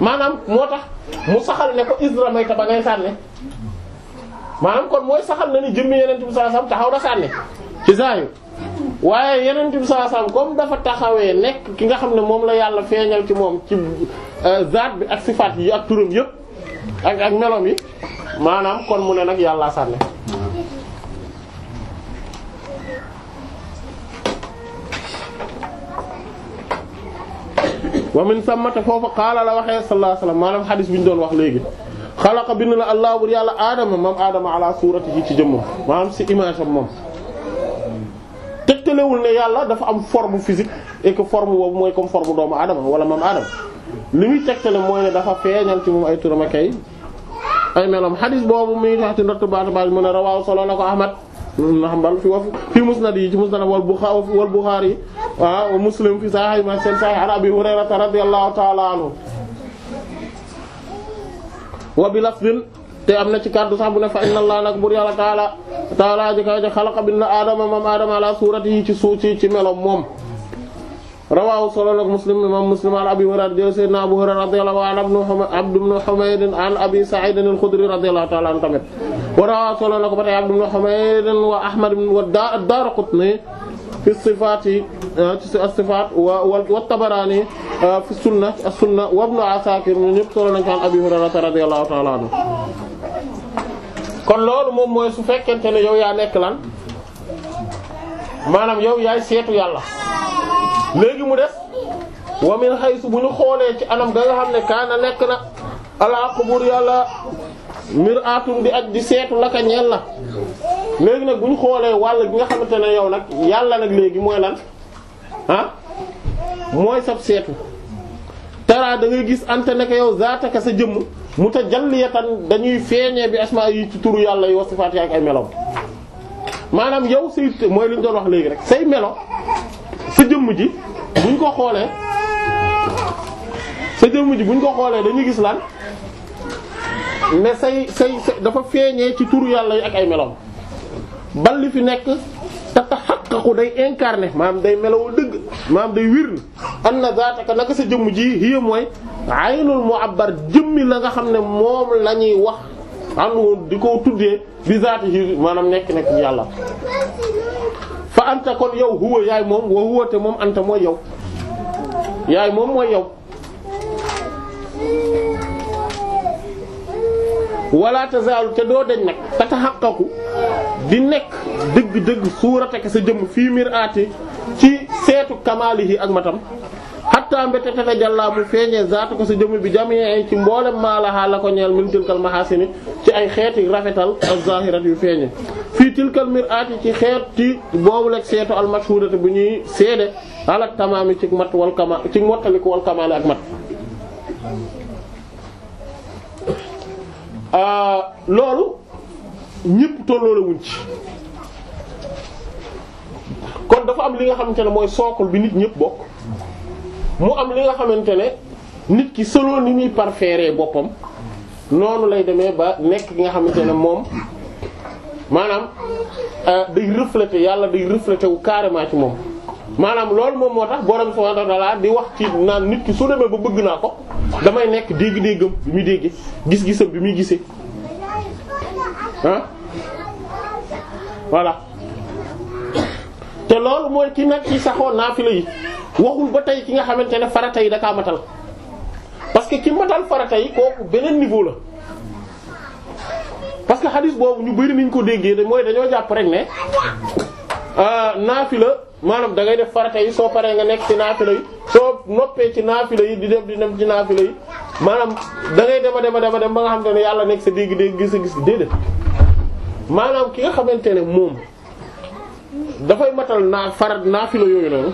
maanaam moo tax mu saxal ne ko isra mayta ba ngay sànni maanaam kon mooy saxal na ni jëmmi yeneen bi sallallahu alayhi taxaw na sànni ci zaahir waaye yenent bi sallallahu alayhi comme dafa taxawee nekk ki nga xam ne moom la yàlla feeñal ci moom ci euh, zaat bi ak sifaat yi ak turam yëpp ak ak melom yi maanaam kon mu ne nag yàlla sànne wa min sammata foofu xaala la waxee sallallahu alayhi wasallam maanaam xadis bi ñu doon wax léegi xalaqa bind na allah bur yàlla aadama moom aadama ala suurati ci ci jëmmam maanaam si image am moom tegtalewul ne yàlla dafa am forme physique et que forme boobu mooy comme forme doomu aadama wala maam aadama li muy tegtale mooy ne dafa feeñal ci moom ay turam ak ay ay meloom xadis boobu muy tax ci ndott baata baat mu ne rawaaw solo la ko ahmad ibn Hanbal fi wa fi musnad yi ci musnad wal Bukhari wal Bukhari ah, wa Muslim fi sahih ma seen sahih an Abi Hurayrata radiyallahu ta'ala anhu wa bi lafdin te am na ci kàddu sax bu ne fa inna allah nag bur yàlla taala taala ji kaw ji xalaqa bind na aadama moom aadama ala suurati yi ci suuf ci ci melom moom rawahu solo nag muslim imam muslim an abi hurayra jël sayyidina abu hurayra radiyallahu anhu abd ibn humayd an abi sa'id al-khudri radiyallahu ta'ala anhu tamit wa rawahu solo nag ba tey abd ibn humayd wa ahmad wa ad-daraqutni fi sifaat yi ah, ci as-sifaat wa tabarani ah, fi sunna as-sunna wa ibn asakir ñëpp solo nañ ko an abi hurayra radiyallahu ta'ala anhu kon loolu moom mooy su fekkente ne yow yaa nekk lan maanaam yow yaay seetu yàlla léegi mu def wa min haythu bu ñu xoolee ci anam ga nga xam ne kaana nekk na ala xubur yàlla mir'atun di ak di seetu laka ñeel la léegi nag bu ñu xoolee wàll gi nga xamante ne yow nag yàlla nag léegi mooy lan ah mooy sab seetu tara da gis ante ne ko yow zaataka sa jëmm mu mutajalliyatan dañuy feeñee bi asmaa yi ci turu yàlla yi wa sifaat yi ak ay meloom maanaam yow say mooy li doon wax léegi rek say melo sa jëmm ji buñ ko xoolee sa jëmm ji buñ ko xoolee dañuy gis lan mais say say dafa feeñee ci turu yàlla yi ak ay meloom bal li fi nekk tataxaqaqu day incarné maam day melawoo dëgg maam day wir na an na zaataka naka sa jëmm ji hiya mooy aynul mu'abbar jëmmi la nga xam ne moom lañuy ñuy wax am di ko tuddee bi zaati yi maanaam nekk nekk yàlla fa anta kon yow huwa yaay moom wa huwa te moom anta mooy yow yaay moom mooy yow wala tazaalu te doo dañ nag tataxaqaqu di nekk dëgg-dëgg suurataka sa jëmm fi miraati ci seetu kamaalihi ak matam xatta mbete tatajalla mu feeñee zaatu ko sa jëmm bi jamee ci mboolem maalaha la ko ñeel min tilkal mahasini ci ay xeeti rafetal ak zahirat yu feeñe fii tilkal miraati ci xeet ci boobu lekk seetu almashhudati bu ñuy seede ala tamaami ci mat wal kamal ak mat Euh, loolu ñëpp tolloole wuñ ci kon dafa am li nga xamante ne mooy sookul bi nit ñëpp bokk mu am li nga xamante ne nit ki selon ni muy parfaire boppam noonu lay demee ba nekk ki nga xamante ne moom maanaam euh, day refléter yàlla day refléter wu carrément ci moom maanaam loolu moom moo tax boo subhanahu wa ta'ala di wax ci naan nit ki su demee naa ko damay nekk dégg-déggam bi muy dégg gis-gisam bi muy gisee ah voilà te loolu mooy ki nag ci saxoo naafila yi waxul ba tey ki nga xamante ne farata yi daka matal parce que ki matal farata yi kooku beneen niveau la parce que xadis boobu ñu bari niñ ko déggee mooy dañoo jàpp rek ne Ah, naafila maanaam da ngay def farata yi soo paree nga nekk ci naafila yi soo noppee ci naafila yi di dem di dem ci naafila yi maanaam da dem a dema a dem ba nga xamante yàlla nekk sa dégg dégg gis gis déedéet maanaam ki nga xamante ne moom dafay matal naa farat naafila yooyu noonu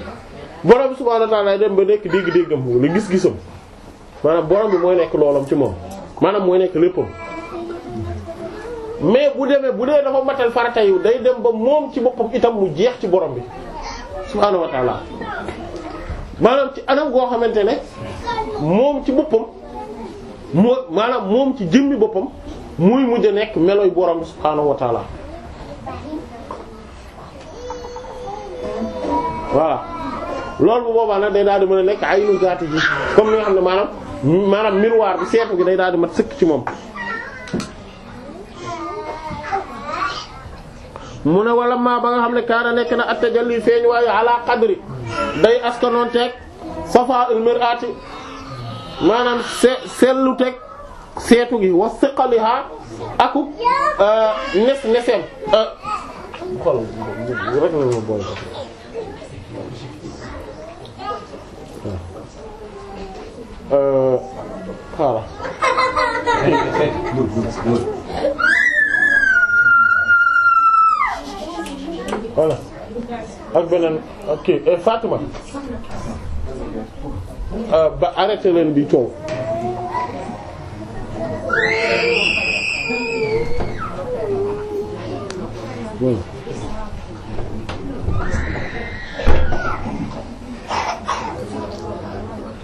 borom bi subhaanahu naa ta'aala dem ba nekk dégg déggam la gis-gisam maanaam borom bi mooy nekk loolam ci moom maanaam mooy nekk léppam mais bu demee bu dee dafa matal farata yu day dem ba moom ci boppam itam mu jeex ci borom bi subhaanahu wa maanaam ci anam goo xamante ne moom ci boppam moo maanaam moom ci jëmmi boppam muy mujj a nekk melooy borom bi subhaanahu wa ta'ala voilà bu boobaa day daal di mën a nekk ay nu gaati ji comme ni xam ne maanaam maanaam miroir bi seetu gi day daal di mat sëkk ci moom mu ne wala maa ba nga xam ne kaana nekk na attajalli feeñ waayu ala qadri day askanoon teg safa al mir'ati maanaam sellu teg seetu gi wa siqaliha aku euh, nes neseem euh. Euh, voilà ak beneen ok eh, Fatima ah, ba arrêté leen bi coow. Hmm.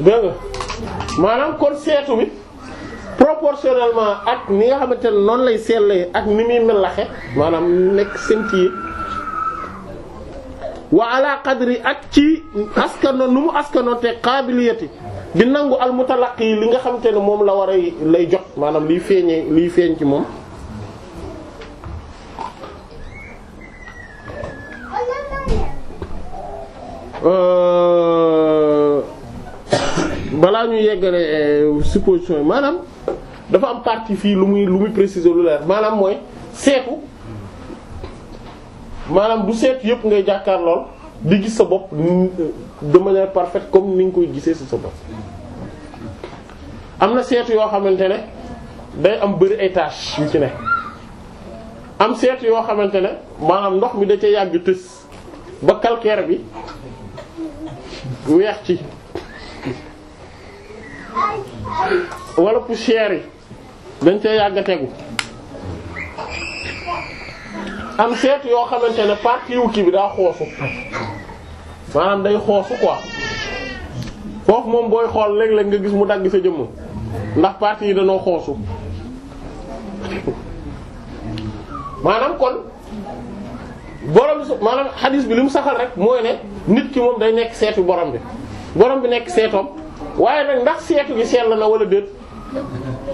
dégg maanaam kon seetu bi proportionnellement ak ni nga xamante ne noonu lay seetlee ak ni muy melaxe maanaam nekk senti wa ala qadri ak ci askano nu mu askano te qabiliyati di nangu al mutalaqi li nga xamante ne moom la war a lay jot maanaam liy feeñee liy feeñ ci moom euh, balaa ñu yeggale euh, supposition yi maanaam dafa am partie fii lu muy lu muy préciser lu leer maanaam mooy seetu maanaam du seet yëpp ngay jàkkaar lool di gis sa bopp euh, de manière parfaite comme ni nga koy gisee si sa bopp am na seetu yoo xamante ne day am bëri étage tâches yu ci ne am seetu yoo xamante ne maanaam ndox mi da ca yàgg tës ba calcaire bi weex ci wala poussière yi dañ ca yàgg tegu am xeet yoo xamante ne partie kii bi daa xoosu maanaam day xoosu quoi foofu moom booy xool léeg-léeg nga gis mu dagg sa jëmm ndax partie yi danoo xoosu maanaam kon borom su maanaam xadis bi li mu saxal rek mooy ne nit ki moom day nekk seetu borom bi borom bi nekk seetoom waaye nag ndax seetu gi sell na wala déet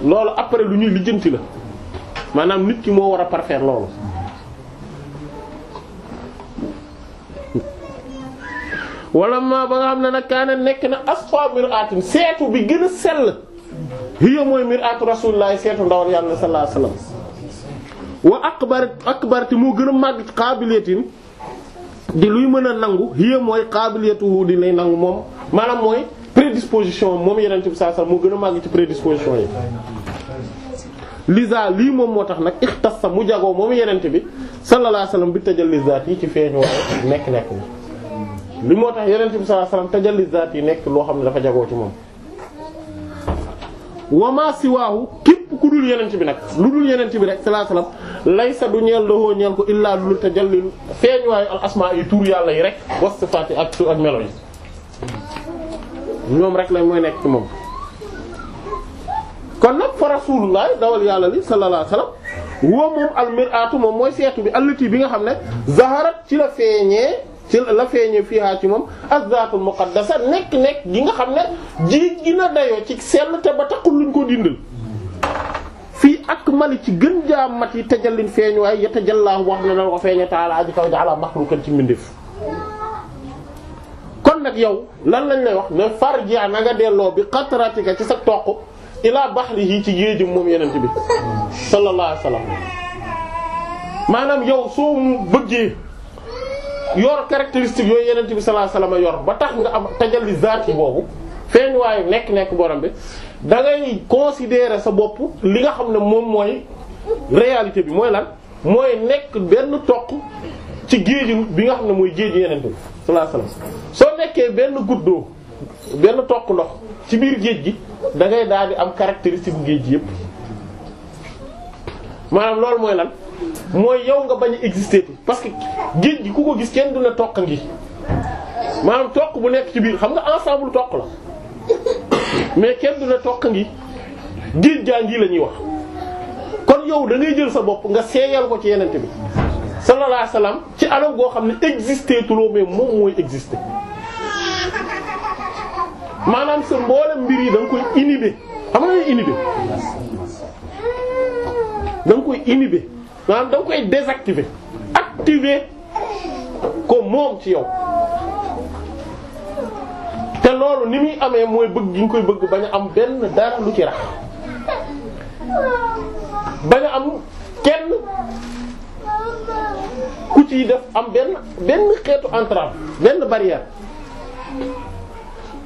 loolu après lu ñuy lijjanti la maanaam nit ki moo war a parfaire loolu. wala ma ba nga xam ne nag kaana nekk na asfa mir'atin seetu bi gën a sell hiya mooy mir'atu rasulillahi seetu ndawal yàlla sallallahu alayhi wasallam wa akbar akbarti moo gën a màgg qaabiliyatin di luy mën a nangu hiya mooy qaabiliyatuhu di lay nangu moom maanaam mooy prédisposition moom yenente bi sallallahu alayhi moo gën a màgg ci prédisposition yi Liza lii moom moo tax nag ixtassa mu jagoo moom yenente bi sallallahu alayhi wasallam bi tajal lizaat yi ci feeñu waaye nekk-nekk li moo tax yeneen bi sallallahu alayhi wasallam tajalli zaat yi nekk loo xam ne dafa jagoo ci moom wama siwaahu képp ku dul yeneen bi nag lu dul yeneen bi rek sallallahu alayhi wasallam laysa du ñeel dohoo ñeel ko illaa lu tajallil feeñ al asmaa yi yàlla yi rek wasifaat yi ak ak melo yi ñoom rek lañ mooy nekk ci moom kon nag fa rasulullah dawal yàlla li sallallahu alayhi wasallam woo moom almiratu moom mooy seetu bi allati bi nga xam ne zaharat ci la feeñee ci la feeñee fiihaa ci moom azzaatul muqaddasa nekk nekk gi nga xam ne ji gi na dayoo ci sell te ba taxul luñ ko dindal fii ak mali ci gën jaamat yi te tajallin feeñ waaye yata jallaahu wax na la ko feeñe taalaa aji kaw ji ala maxluqan ci nag yow lan lañ lay wax ne farji na nanga delloo bi qatratika ci sa toq ilaa bahrihi ci géejum moom yenent bi sallallahu alayhi wasallam maanaam yow soo bëggee yor caractéristique yooyu yenent bi sallallahu alayhi wasallam yor ba tax nga am tajalli zaati boobu feeñ waayu nekk nekk borom bi da ngay considérer sa bopp li nga xam ne moom mooy réalité bi mooy lan mooy nekk benn toq ci géeju bi nga xam ne mooy géeju yenent bi sallallahu soo nekkee benn guddoo benn toq ndox ci biir géej gi dangay ngay daal di am caractéristique bu géej gi yépp maanaam loolu mooy lan mooy yow nga bañ a exister parce que géej gi ku ko gis kenn du ne toq ngi maanaam toq bu nekk ci biir xam nga ensemble toq la mais kenn du ne toq ngi géej gaa ngi lañuy ñuy wax. kon yow dangay jël sa bopp nga seegal ko ci yeneen bi sallallahu alayhi ci anam goo xam ne exister tuloo mais moom mooy exister maanaam sa mboolem mbir yi da nga koy inhiber xam nga inhiber da nga koy inhiber. maanaam da nga koy désactiver activer ko moom ci yow te loolu ni muy amee mooy bëgg gi nga koy bëgg ba a am benn dara lu ci rax bañ a am kenn ku ci def am benn benn xeetu entrave benn barrière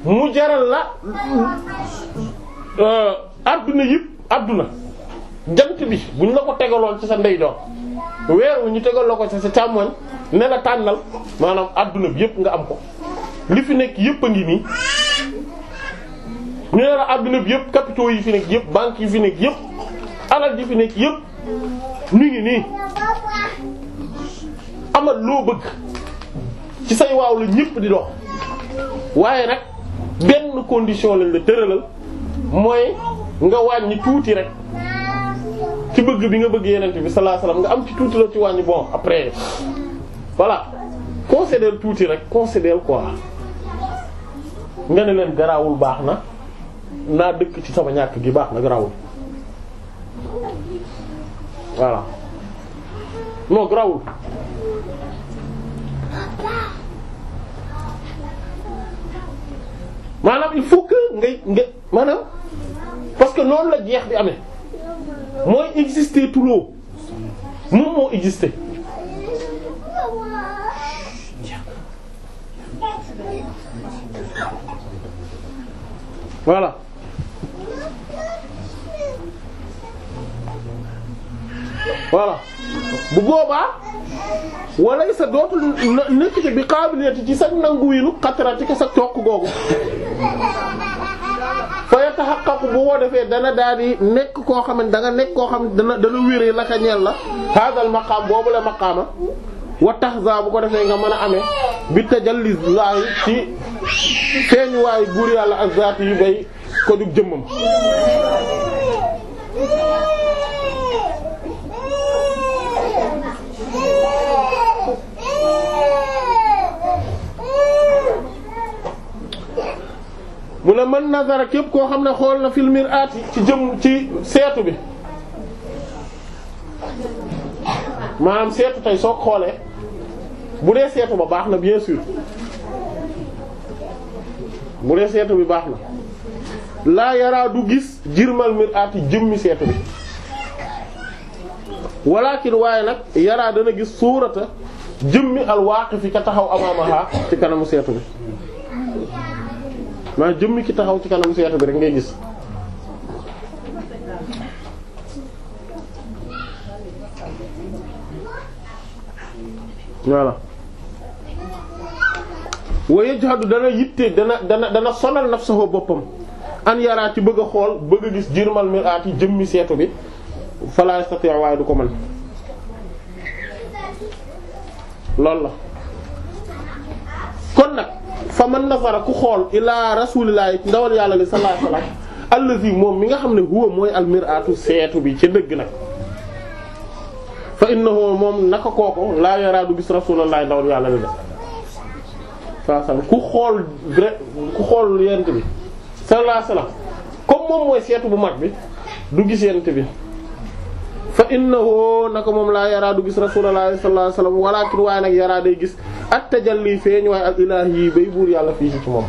mu jaral la euh, adduna yëpp adduna jant bi buñ la ko tegaloon ci sa ndeyjoor weer wi ñu tegal la ko ci sa càmmoñ ne la tànnal maanaam adduna bi yëpp nga am ko li fi nekk yëpp a ngi nii ñu ne la adduna bi yëpp capitaux yi fi nekk yëpp banques yi fi nekk yëpp alal yi fi nekk yëpp ñu ngi nii amat loo bëgg ci say waaw la ñëpp di dox waaye nag benn condition lañ la tëralal mooy nga wàññi tuuti rek. ci bëgg bi nga bëgg yenent bi sallallahu alayhi nga am ci tuuti la ci wàññi bon après voilà considère tuuti rek considère quoi nga ne leen garaawul baax na naa dëkk ci sama ñàkk gi baax na garaawul voilà non garaawul maanaam il parce que noonu la jeex bi amee mooy exister tuloo moom moo exister voilà voilà bu boobaa walay sa dootul nekk ci bi qabiliyati ci sax nangu wiinu xattara ci toq googu fa yatahaqqaqu bu woo defee dana daal nekk koo xam ne da nga nekk koo xam ne dana dana wéree la ka la hadal maqaam boobu la maqaama wa tahza bu ko defee nga mën a ame bi tajalli laahi ci feeñu buur yàlla ak zaati yi bay ko dug jëmmam mu ne man nazara képp koo xam ne xool na fil mir'aati ci jëm ci seetu bi maanaam seetu tey soo xoolee bu dee seetu ba baax na bien sûr bu dee seetu bi baax na laa yaraa du gis jirmal mir'aati jëmmi seetu bi walakin waaye nag yaraa dana gis suurata jëmmi al fi ka taxaw amaamaha ci kanamu seetu bi maa jëmmi ki taxaw ci kanam seetu bi rek ngay gis voilà waye jaxadu dana yitte dana dana dana sonal nafsahu boppam an yaraa ci bëgg xool bëgg a gis jirmal miraati jëmmi seetu bi fala yastati du ko mën loolu la fa man nazara ku xool ilaa rasulillahi ndawal yàlla li sallallahu alayhi wasallam allazi moom mi nga xam ne huwa mooy almiratu seetu bi ci dëgg nag fa innahu moom naka kooku laa yaraadu bis rasulillahi ndawal yàlla li la sa ku xool vrai ku xool yent bi sallallahu alayhi wasallam comme moom mooy seetu bu mag bi du gis yent bi fa innahu naka moom laa yaraadu gis rasulillahi sallallahu alayhi wasallam walakin waaye nag yaraa day gis at tajalli feeñ waaye al ilaahi yi bay buur yàlla fii ci moom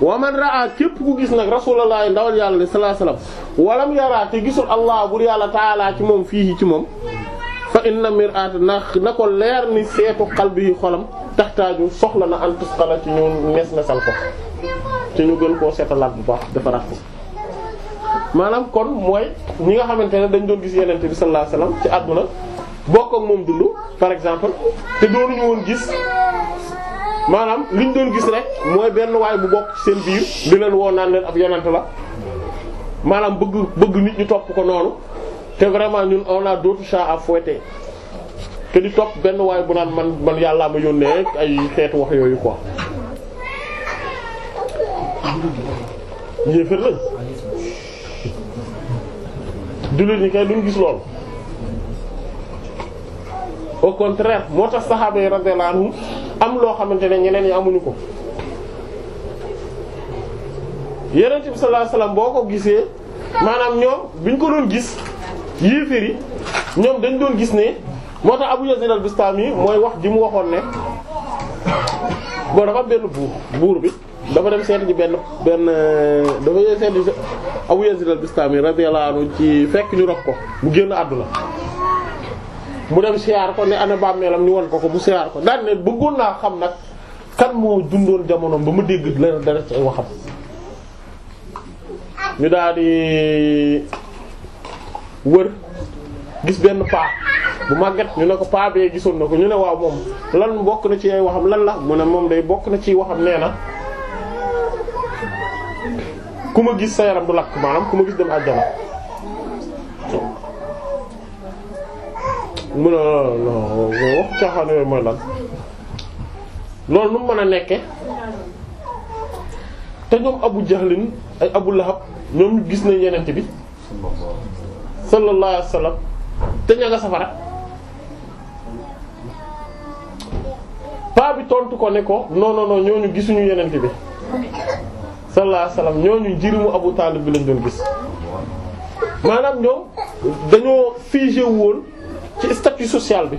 wa man raa ku gis nag rasulullah ndawal yàlla sallallahu alayhi wasallam walam yaraa te gisul allah buur yàlla taalaa ci moom fii ci moom fa inna mir'at na na ko leer ni seetu xalbi yi xolam taxtaaju soxla na antusqala ci ñu nees na ko te ñu gën koo seetalaat bu baax defaraat ko maanaam kon mooy ñi nga xamante ne dañ doon gis yenente bi sallallahu alayhi wasallam ci àdduna bokk ak moom dund par exemple te doonuñu woon gis maanaam liñ doon gis rek mooy benn waay bu bokk seen biir di leen woo naan leen ab yonent la maanaam bëgg bëgg nit ñu topp ko noonu te vraiment ñun on a d'autres chats à fouetter que di topp benn waay bu naan man yàlla yàllaa ma yónnee ay xeetu wax yooyu ko yéefar lañ jullit ñi kay duñ gis loolu. au contraire moo tax saxaaba yi radiyallahu anhum am loo xamante ne ñeneen yi amuñu ko yeneen bi sallallahu alayhi boo ko gisee maanaam ñoom bi ñu ko doon gis yéeféer yi ñoom dañ doon gis ne moo tax Abu Yazid al-Bistami mooy wax ji mu waxoon ne boo dafa benn buur buur bi dafa dem seet ji benn benn dafa seet ji Abu Yazid al-Bistami radiyallahu ci fekk ñu rob ko mu génn àdduna mu dem siyaar ko ne ana bàmmeelam ñu wan ko ko mu siyaar ko daan ne bëggoon naa xam nag kan moo dundoon jamonoom ba mu dégg la dara ci ay waxam ñu daal di wër gis benn paa bu màgget ñu ne ko paa bee gisoon na ko ñu ne waaw moom lan bokk na ci ay waxam lan la mu ne moom day bokk na ci waxam nee na ku ma gis sa yaram du lakk maanaam ku ma gis dem àjjana mu ne non wax caaxaan yooyu mooy lan loolu nu mën a nekke te ñoom Abu Jahlin ay Abu Lahab ñoom gis nañ yenent bi sallallahu alayhi te ña nga safara paa bi tontu ko ne ko non non non ñooñu gisuñu yenent bi sallallahu alayhi wasallam ñooñu njirimu Abu Talib bi lañ doon gis maanaam ñoom dañoo figé woon ci statut sociale bi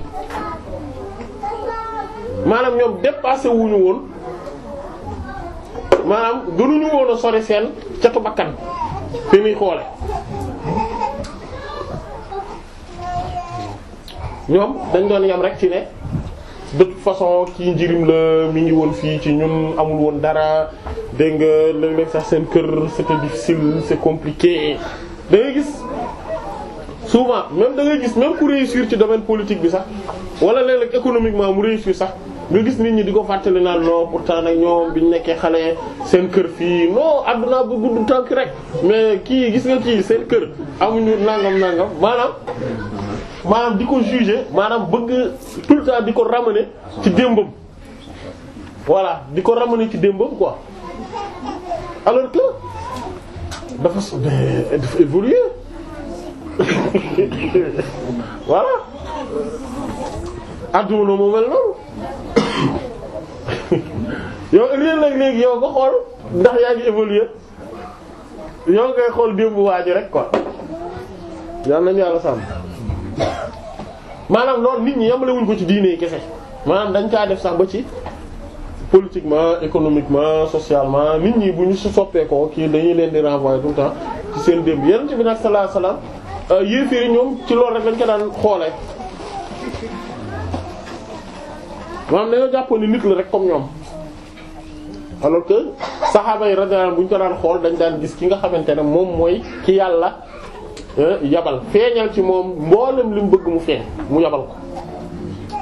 maanaam ñoom dépassé wuñu woon maanaam gënuñu woon a sori seen catu bakkan fi muy xoole ñoom dañ doon yam rek ci ne de façon ci njirim la mi woon fii ci ñun amul woon dara dégg nga léeg-léeg sax seen kër c'était difficile c'est compliqué da gis souvent même da ngay gis même ku réussir ci domaine politique bi sax wala léeg-léeg économiquement mu réussir sax nga gis nit ñi di ko fàttali naan non pourtant nag ñoom ñu nekkee xale seen kër fii non àdduna bu gudd tànk rek mais kii gis nga kii seen kër amuñu nangam nangam maanaam maanaam di ko juger maanaam bëgg tout le temps di ko ramener ci démbam voilà di ko ramener ci démbam quoi alors que dafa dafa évoluer voilà adduna mu mel noonu yow léeg-léeg yow nga xool ndax yaa ngi évoluer yow ngay xool démb waaju rek quoi yal nañu yàlla sàmm maanaam lool nit ñi yamalewuñ ko ci diine kese maanaam dañ caa def sax ci politiquement économiquement socialement nit ñi bu ñu su soppeekoo kii dañuy leen di renvoyer tout le temps ci seen démb yonent bi nag sallallahu Euh, yéeféeri ñoom ci loolu rek dañ ko daan xoole maanaam dañoo jàppoon ni nit rek comme ñoom alors que saxaaba yi radiyallahu bu ñu ko daan xool dañ daan gis ki nga xamante ne moom mooy ci yàlla euh, yabal feeñal ci moom mboolem lim mu bëgg mu feeñ mu yabal ko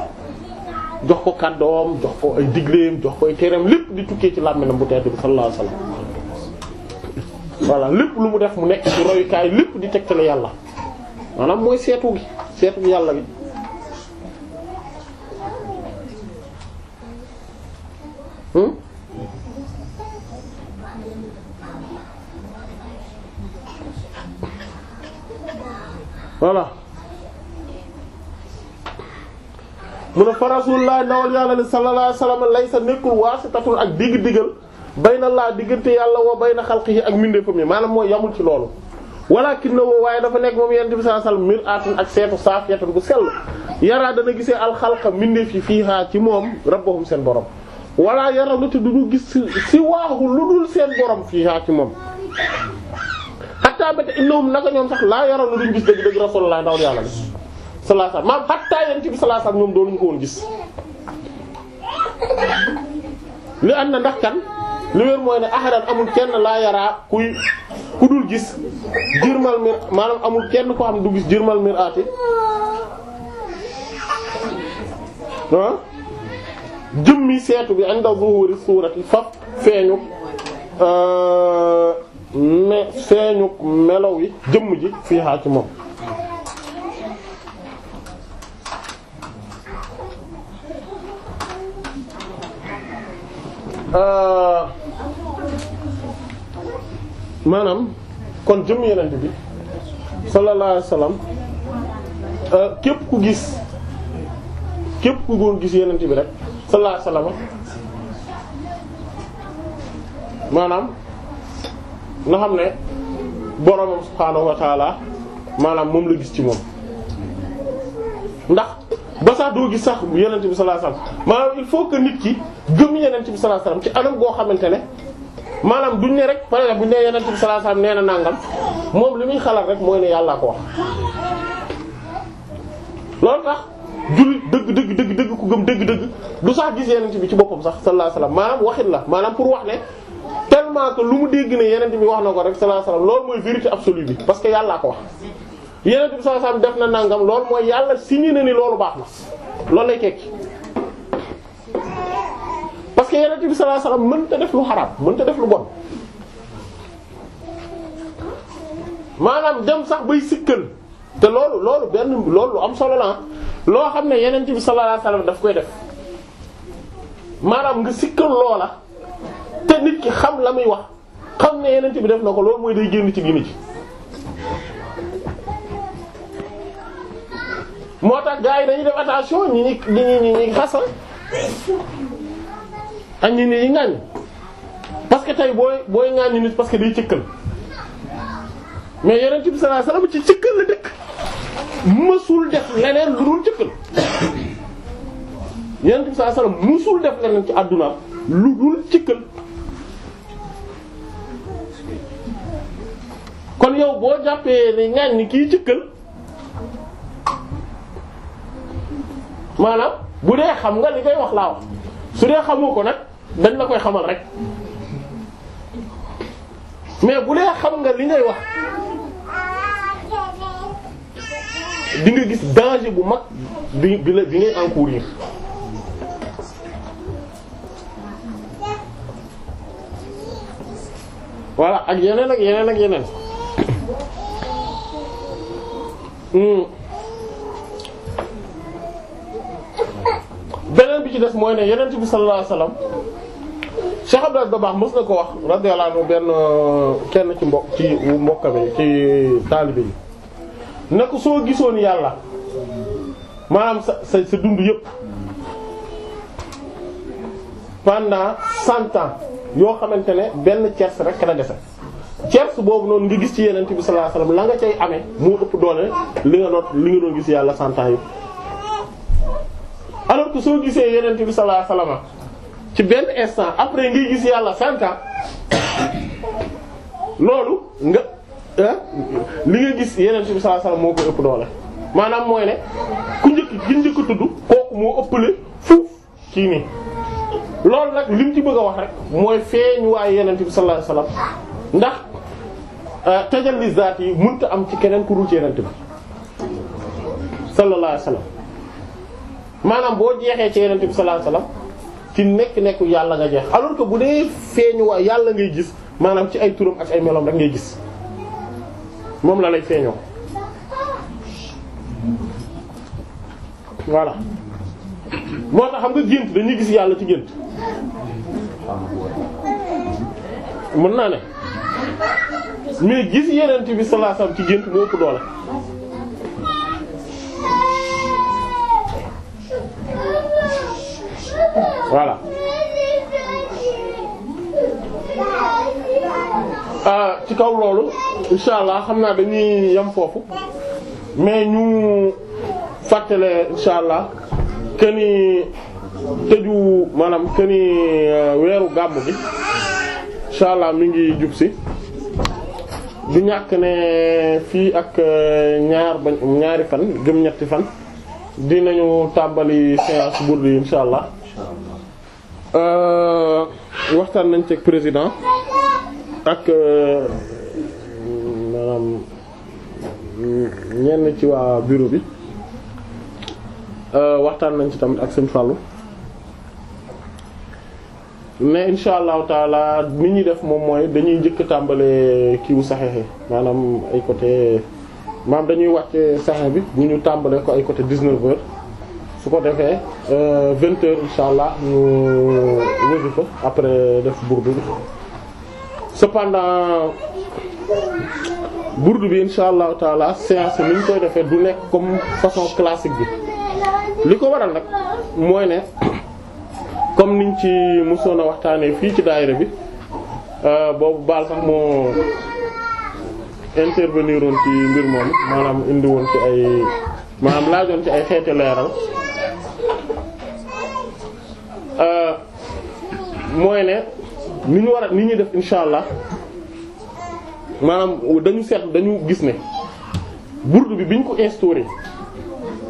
jox ko kàddoom jox ko ay digleem jox ko ay tereem lépp di tukkee ci làmmiñam bu tedd bi sallallahu alayhi wasallam lépp lu mu def mu nekk ci royukaay lépp di tegtale yàlla maanaam mooy seetu gi seetu gi yàlla bi hmm? voilà mu ne fa rasulullah ndawal yàlla ni sallallahu alayhi wasallam laysa nekkul waasitatul ak digg diggal bayna laa diggante yàlla wa bayna yi ak mbindeefam yi maanaam moo yamul ci loolu walakin waaye dafa nekk moom yonent bi sallallahu alayhi wasallam mir'atun ak seetu saafiyatun bu sell yaraa dana gisee alxalqa mbindeef yi fiihaa ci moom rabbahum seen borom. wala yaram la te duñu gis si waaxu lu dul seen borom fiihaa ci moom. xataa ba te innahum naka ñoom sax laa yaram lu duñ gis dëgg dëgg laa ndaw yàlla bi sallallahu alayhi wasallam maam xataa yonent bi sallallahu alayhi wasallam ñoom doonuñu ko woon gis. li ànd na ndax kan. li wér mooy amul kenn laa yaraa kuy ku dul gis jirmal mir amul kenn koo xam du gis jirmal mir aati ah seetu bi inda zuhuri suurati faf feeñu euh, me feeñu melaw yi jëmm ji fii xaa Euh, maanaam kon jëm yenent bi sallallahu alayhi wasallam euh, képp ku gis képp ku góor gis yenent bi rek sallallahu alayhi wasallam maanaam na xam ne boromam subhaanahu wa maanaam moom la gis ci moom ndax ba doo gis sax yenent bi sallallahu alayhi wasallam maanaam il faut que nit ki gëm yenent bi sallallahu alayhi wasallam ci anam goo xamante ne maanaam duñ ne rek par exemple bu ne yenent bi sallallahu alayhi nee na nàngam moom li muy xalaat rek mooy ne yàllaa ko wax loolu tax jullit dëgg dëgg dëgg dëgg ku gëm dëgg dëgg du sax gis yenent bi ci boppam sax sallallahu alayhi wasallam maanaam waxit la maanaam pour wax ne tellement que lu mu dégg ne yenent bi wax na ko rek sallallahu lool mooy vérité absolue bi parce que yàllaa ko wax yenent bi sallallahu def na nàngam loolu mooy yàlla signé na ni loolu baax na loolu lay yonent bi sallallahu alayhi wasallam mënta def lu xaraam mënta def lu bon maanaam dem sax bay sikkal te loolu loolu benn loolu lu am solo la loo xam ne yonent bi sallallahu daf koy def maanaam nga sikkal loola te nit ki xam la muy wax xam ne yonent bi def na ko loolu mooy day génn ci diini ji moo tax gars yi dañuy def attention ñi ñi ñi ñi xasal añ ñi nii yi ngaañ parce que tey booy booy ngaañu nit parce que day cëkkal mais yonent ci sallallahu alayhi ci cëkkal la dëkk mësul def leneen lu dul cëkkal yonent bi sallallahu mësul def leneen ci àdduna lu dul cëkkal kon yow boo jàppee ni ngaañ ni kii cëkkal maanaam bu dee xam nga li koy wax laa wax su dee xamoo ko nag dañ la koy xamal rek mais bu dee xam nga li ngay wax di nga gis danger bu mag bi bi la bi ngay encourir voilà ak yeneen ak yeneen ak yeneen. Hmm. bi ci des mooy ne yeneen bi sallallahu alayhi wasallam Cheikh Abdel Dabakh mës na ko wax radiyallahu anhu benn euh, kenn ci mbokk ci mbokkam yi ci taalibe yi ne ko soo gisoon yàlla maanaam sa sa dund yépp pendant cent ans yoo xamante ne benn tiers rek la defe tiers boobu noonu nga gis ci yeneen bi sallallahu alayhi la nga cay amee moo ëpp doole li nga doon li nga doon gis yàlla cent ans yi alors que soo gisee yenente bi sallallahu alayhi wasallam ci benn instant après ngay gis yàlla cent ans loolu nga li nga gis yenente bi sallallahu alayhi wasallam moo koy ëpp doole maanaam mooy ne ku njëkk ki njëkk a kooku moo ëppale fuuf kii nii loolu nag li ci bëgg a wax rek mooy feeñ waaye yenente bi sallallahu alayhi ndax euh, tajalli zaat yi mënta am ci keneen ku dul ci yenente bi sallallahu alayhi maanaam boo jeexee ci yonent bi sallallahu alayhi wasallam ci nekk-nekku yàlla nga jeex alors que bu dee feeñu waa yàlla ngay gis maanaam ci ay turam ak ay meloom rek ngay gis moom la lay feeñoo voilà moo tax xam nga gént dañuy gis yàlla ci gént mën naa ne mais gis yenent bi sallallahu ci gént moo ëpp doole voilà euh, ci kaw loolu insha allah xam naa dañuy yam foofu mais ñu fàttale insha allah que ni tëju maanaam que ni euh, weeru gàmmu bi insha allah mi ngi jub si du ñàkk ne fii ak euh, ñaar ba ñaari fan jëm ñetti fan dinañu tàmbali séance burdi insha allah Euh, waxtaan nañ ci ak président ak euh, maanaam ñenn ci waa bureau bi euh, waxtaan nañ ci tamit ak sëñ Fallou mais insha allahu taala ni ñuy def moom mooy dañuy njëkk tàmbale kiiwu saxeex yi maanaam ay côté maanaam dañuy wàcce saxeex bi bu ñu tàmbalee ko ay côté 19 su ko defee euh, vingt heures incha allah ñu wësi fa après def burdu bi cependant burdu bi incha allah taala séance ni ñu koy defee du nekk comme façon classique bi li ko waral nag mooy ne comme niñ ci mosoon a waxtaanee fii ci daayira bi euh, boobu baal sax moo intervenir woon ci ngir moom maanaam indi woon ci ay maanaam laajoon ci ay xeeti leeral mooy ne ni ñu war a ni ñuy def insha allah maanaam dañu seet dañu gis ne burdu bi biñ ko instauré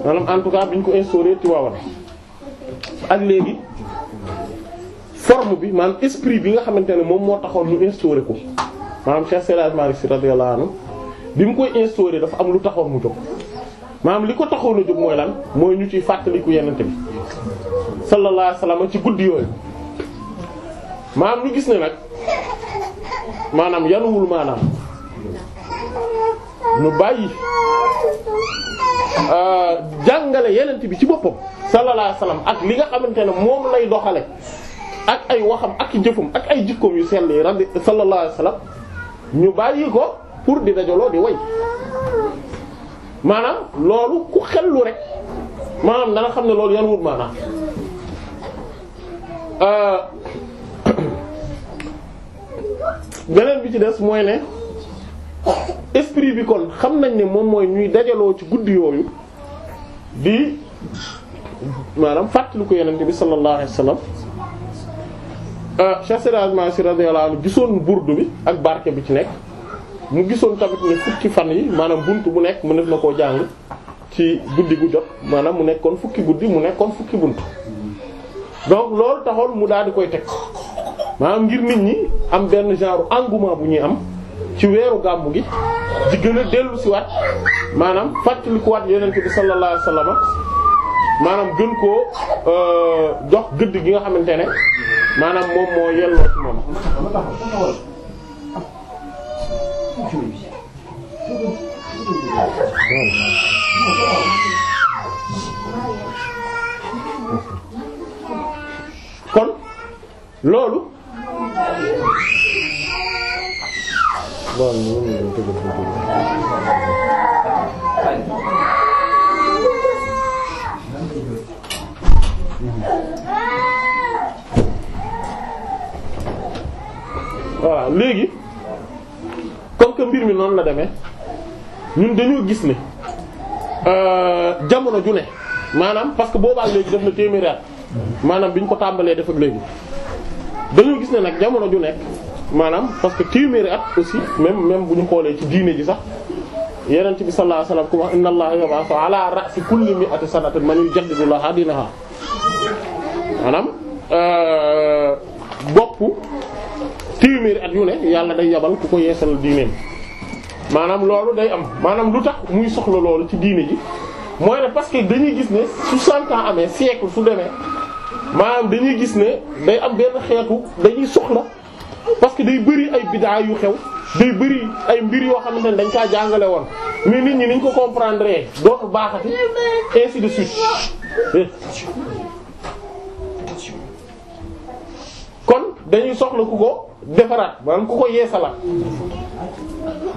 maanaam en tout cas biñ ko instauré Tiwaawan ak léegi forme bi maanaam esprit bi nga xamante ne moom moo taxoon ñu instauré ko maanaam Cheikh Seydi Malick Sy bi mu koy instauré dafa am lu taxoon mu jóg maanaam li ko taxoon a jóg mooy lan mooy ñu ciy fàttaliku yenente bi sallallahu alayhi wasallam ci guddi yooyu maanaam lu gis ne nag maanaam yanuwul maanaam ñu bàyyi euh, jàngale yenent bi ci boppam sallallahu alayhi ak li nga xamante ne moom lay doxale ak ay waxam ak jëfam ak ay jikkoom yu sell yi radi sallallahu ñu bàyyi ko pour di dajaloo di way maanaam loolu ku xellu rek maanaam dana xam ne loolu yanuwul maanaam euh, beneen bi ci des mooy ne esprit bi kon xam nañ ne moom mooy ñuy dajaloo ci guddi yooyu di maanaam fàttali ko yenente bi sallallahu alayhi wasallam euh, Cheikh Seydi Mansour radiyallahu anhu gisoon burdu bi ak barke bi ci nekk mu gisoon tamit ne fukki fan yi maanaam bunt bu nekk mu nekk na koo jàng ci guddi gu jot maanaam mu nekkoon fukki guddi mu nekkoon fukki bunt donc loolu taxoon mu daal di koy teg maanaam ngir nit ñi am benn genre engouement bu ñuy am ci weeru gàmmu gi di gën a dellu si waat maanaam fàttalikuwaat yeneen bi sallallahu alayhi wasallam maanaam gën koo euh, jox gëdd gi nga xamante ne maanaam moom moo yelloo ci moom kon loolu loolu moom léegi comme que mbir mi noonu la demee ñun dañoo gis ne euh, jamono ju ne maanaam parce que boobaa léegi def na téeméeri maanaam bi ñu ko tàmbalee def ak léegi dañoo gis ne nag jamono ju nekk. maanaam parce que téeméeri at aussi même même bu ñu xoolee ci diine ji sax yonent bi sallallahu alayhi wasallam la wax inna allaha yab'athu ala ra'si kulli mi'ati sanatin man yujaddidu laha dinaha maanaam euh, bopp téeméeri at yu ne yàlla day yabal ku ko yeesal diineem maanaam loolu day am maanaam lu tax muy soxla loolu ci diine ji mooy ne parce que dañuy gis ne su 60 ans amee siècle su demee maanaam dañuy gis ne day am benn xeetu dañuy soxla parce que day bëri ay biddaa yu xew day bëri ay mbir yoo xamante ne dañ kaa jàngale woon mais nit ñi niñ ko comprendre dootul baaxati ainsi de suite kon dañuy soxla ku ko defaraat maanaam ku ko yeesalaat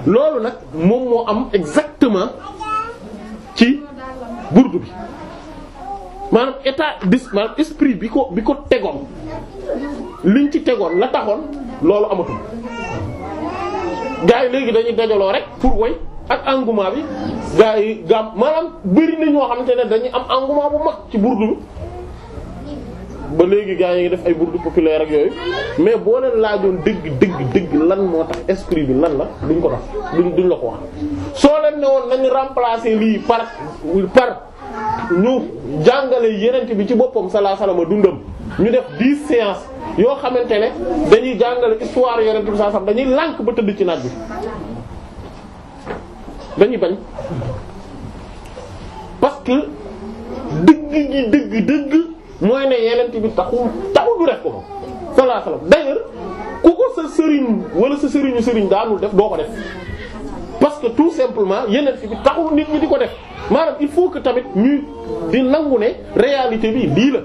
loolu nag moom moo am exactement ci burdu bi maanaam état d'esprit maanaam esprit bi ko bi ko tegoon liñ ci tegoon la taxoon loolu amatul gaa yi léegi dañuy dajaloo rek pour way ak engouement bi gars yi gaam maanaam bëri na ñoo xamante ne dañuy am engouement bu mag ci burdu bi ba léegi gars yi def ay burdu populaire ak yooyu mais boo leen laajoon dëgg dëgg dëgg lan moo tax esprit bi lan la duñ ko def duñ duñ la ko wax. soo leen ne woon nañu remplacer lii par par ñu jàngale yeneen bi ci boppam salaa salaama dundam ñu def dix séances. yoo xamante ne dañuy jàngale histoire yonent bi sallallahu alayhi dañuy lànk ba tëdd ci naaj bi dañuy bañ parce que dëgg gi dëgg dëgg mooy ne yonent bi taxul taxul du def ko moom sallallahu alayhi wasallam d'ailleurs ku ko sa sëriñ wala sa sëriñu sëriñ daanul def doo ko def parce que tout simplement yeneen fi bi taxul nit ñi di ko def maanaam il faut que tamit ñuy di nangu ne réalité bi lii la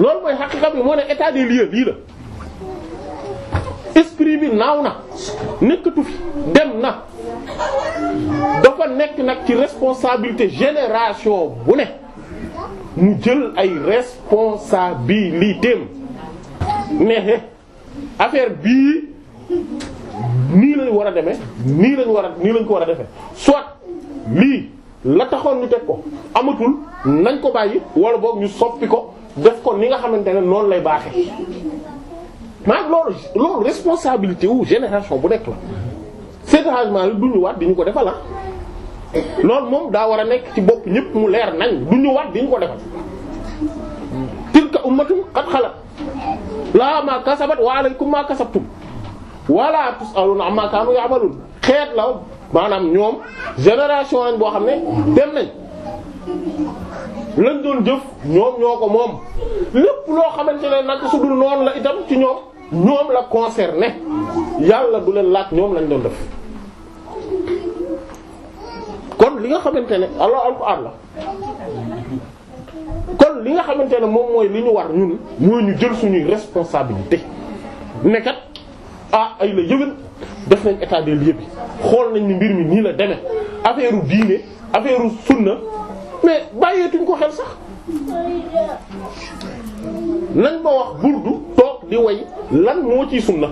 loolu mooy xaqiqa bi moo ne état des lieux lii la esprit bi naaw na nekkatu fi dem na dafa nekk nag ci responsabilité génération bu ne ñu jël ay responsabilités mais affaire bii nii lañ war a demee nii lañ war nii lañ ko war a defee soit lii la taxoon ñu teg ko amatul nañ ko bàyyi wala boog ñu soppi ko def ko ni nga xamante ne noonu lay baaxe maanaam loolu loolu responsabilité wu génération bu nekk la cet arrangement la du ñu waat di ñu ko defal la ah. loolu moom daa war a nekk ci bopp ñëpp mu leer nañ du ñu waat di ñu ko defal tilka ummatum qad xalat laha ma kasabat wa alaykum ma kasabtum wala tusaluna amma kanu ya'malun xeet la maanaam ñoom génération lañ boo xam ne dem nañ lañ doon jëf ñoom ñoo ko moom lépp loo xamante ne nag su dul noonu la itam ci ñoom ñoom la concerné yàlla du leen laaj ñoom lañ doon def kon li nga xamante ne alors am la kon li nga xamante ne moom mooy li ñu war ñun mooy ñu jël suñuy responsabilité nekkat ah ay la yëgal def nañ état des lieux xool nañ ni mbir mi nii la demee affaire u diine affaire u sunna mais bàyyeetuñ ko xel sax nañ ma wax du toog di way lan moo ciy sunna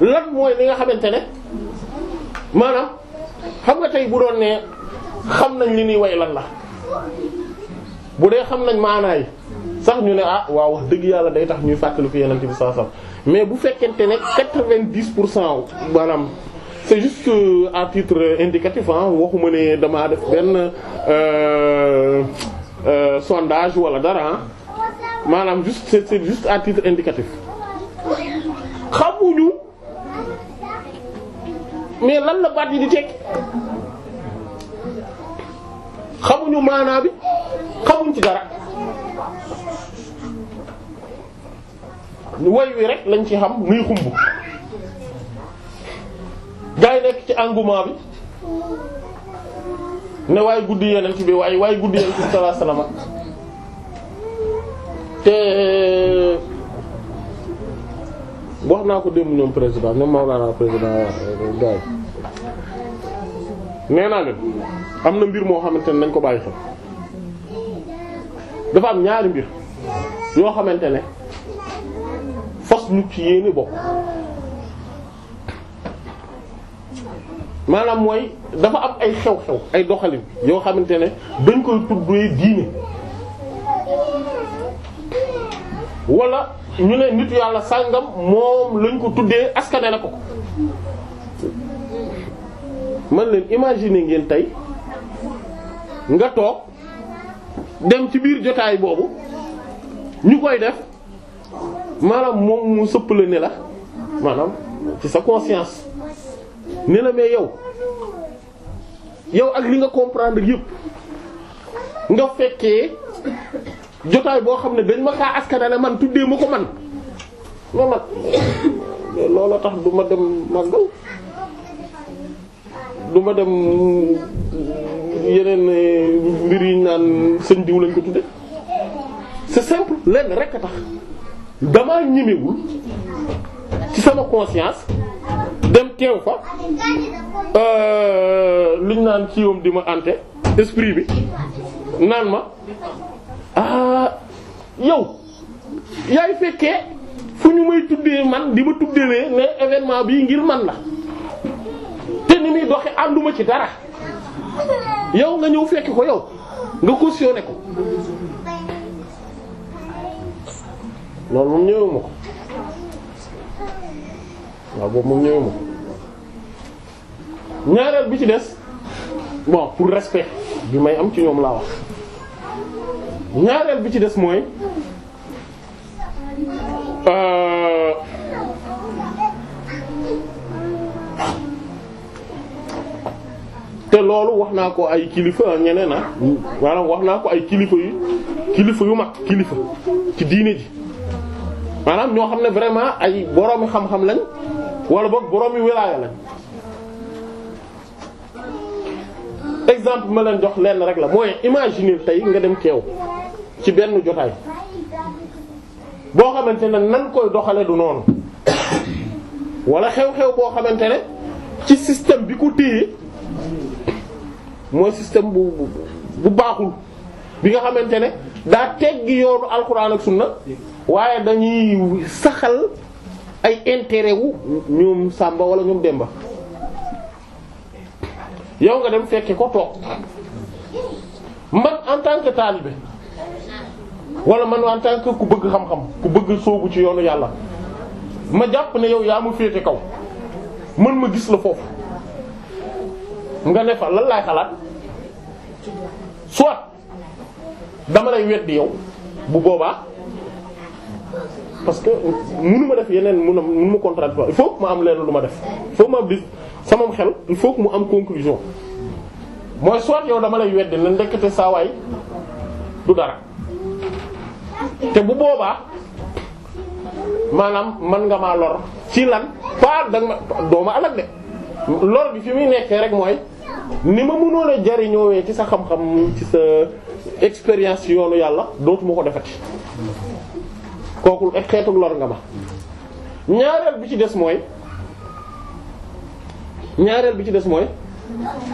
lan mooy li nga xamante ne maanaam xam nga tey bu doon ne xam nañ li nuy way lan la bu dee xam nañ maanaay sax ñu ne ah waaw dëgg yàlla day tax ñuy fàttaliku yeneen bi saa mais bu fekkente ne quatre-vingt-dix pour cent maanaam c'est juste à titre indicatif ah waxuma ne damaa def benn euh, euh, sondage wala dara maanaam juste c'est juste à titre indicatif xamuñu mais lan la baat yi di tekki xamuñu maanaa bi xamuñ ci dara woy wi rek lañ ci xam nuy xumb gaa yi nekk ci engouement bi ne waaye guddi yeneen bi waaye waaye guddi yeneen bi sallallahu te wax naa ko démb ñoom président ñoom Maodo président gaa yi nee naa leen am na mbir moo xamante ne nañ ko bàyyi xel dafa am ñaari mbir yoo xamante ne fas lu ci yéene bokk. maanaam mooy dafa am ay xew-xew ay doxalin yoo xamante ne dañ koy tuddee diine wala ñu ne nitu yàlla sàngam moom lañ ko tuddee askane na ko ko man leen imaginer ngeen tey nga toog dem ci biir jotaay boobu ñu koy def maanaam moom mu sëppale ne la maanaam ci sa conscience ne la mais yow yow ak li nga comprendre yëpp nga fekkee jotaay boo xam ne dañ ma kaa askanale man tuddee ma ko man loolu nag loolu tax du ma dem màggal du ma dem yeneen mbir yi naan sëñ diw lañ ko tudde c'est simple lenn rek a tax damaa ñemewul ci sama conscience teew euh, naan kiiwam di ma ante esprit bi naan ma ah yow yaay fekkee fu ñu may tuddee man di ma tuddeelee ne événement bii ngir man la te ni muy doxe ànduma ci dara yow nga ñëw fekki ko yow nga cautionné ko loolu moom ñëwuma ko waaw boobu moom ñëwuma ñaareel bi ci des bon pour respect bi may am ci ñoom laa wax ñaareel bi ci des mooy euh, te loolu wax naa ko ay kilifa ñeneen na ah, maanaam wax naa ko ay kilifa yu kilifa yu mag kilifa ci diine ji maanaam ñoo xam ne vraiment ay boroomi xam-xam lañ wala boog boroomi wilaaya lañ exemple ma leen jox lenn rek la mooy imaginer tey nga dem keew ci benn jotaay boo xamante ne nan koy doxale du noonu walla xew-xew boo xamante ne ci système bi ku téye mooy système bu bu baaxul bi nga xamante ne daa teggi yoonu alxuraan ak sunna waaye dañuy saxal ay intérêt wu ñoom Samba wala ñoom Demba. yow nga dem fekke ko toog man en tant que taalibe wala man en tant que ku bëgg xam-xam ku bëgg soobu ci yoonu yàlla ma jàpp ne yow yaa ma féete kaw man ma gis la foofu nga ne fa lan xalaat soit dama lay weddi yow bu boobaa parce que mënu ma def yeneen mënu ma mënu ma contradictoire il faut ma am leen lu ma def il ma am sama xel il faut mu am conclusion mooy soit yow dama lay weddi na ndekkete saawaay du dara te bu boobaa maanaam man nga maa lor ci lan par da nga ma doo alal de lor bi fi muy nekkee rek mooy ni ma mënoon a jariñoowee ci sa xam-xam ci sa expérience ci yoonu yàlla dootuma ko defati kooku xeetu lor nga ma ñaareel bi ci des mooy ñaareel bi ci des mooy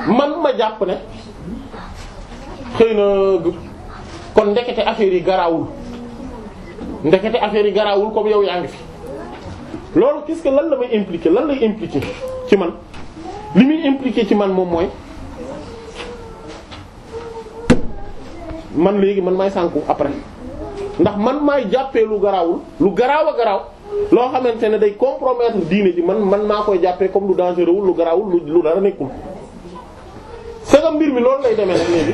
man ma jàpp ne xëy na kon ndekete affaire yi garaawul ndekete affaire yi garaawul comme yow yaa ngi fi loolu qu'est-ce lan la may impliquer lan lay impliquer ci man li muy impliquer ci man moom mooy man léegi man maay sànku après ndax man maay jàppee lu garaawul lu garaaw a garaaw loo xamante ne day compromettre diine ji man man maa koy jàppee comme lu dangereux wul lu garawul lu lu dara nekkul sega mbir mi loolu lay demee nag léegi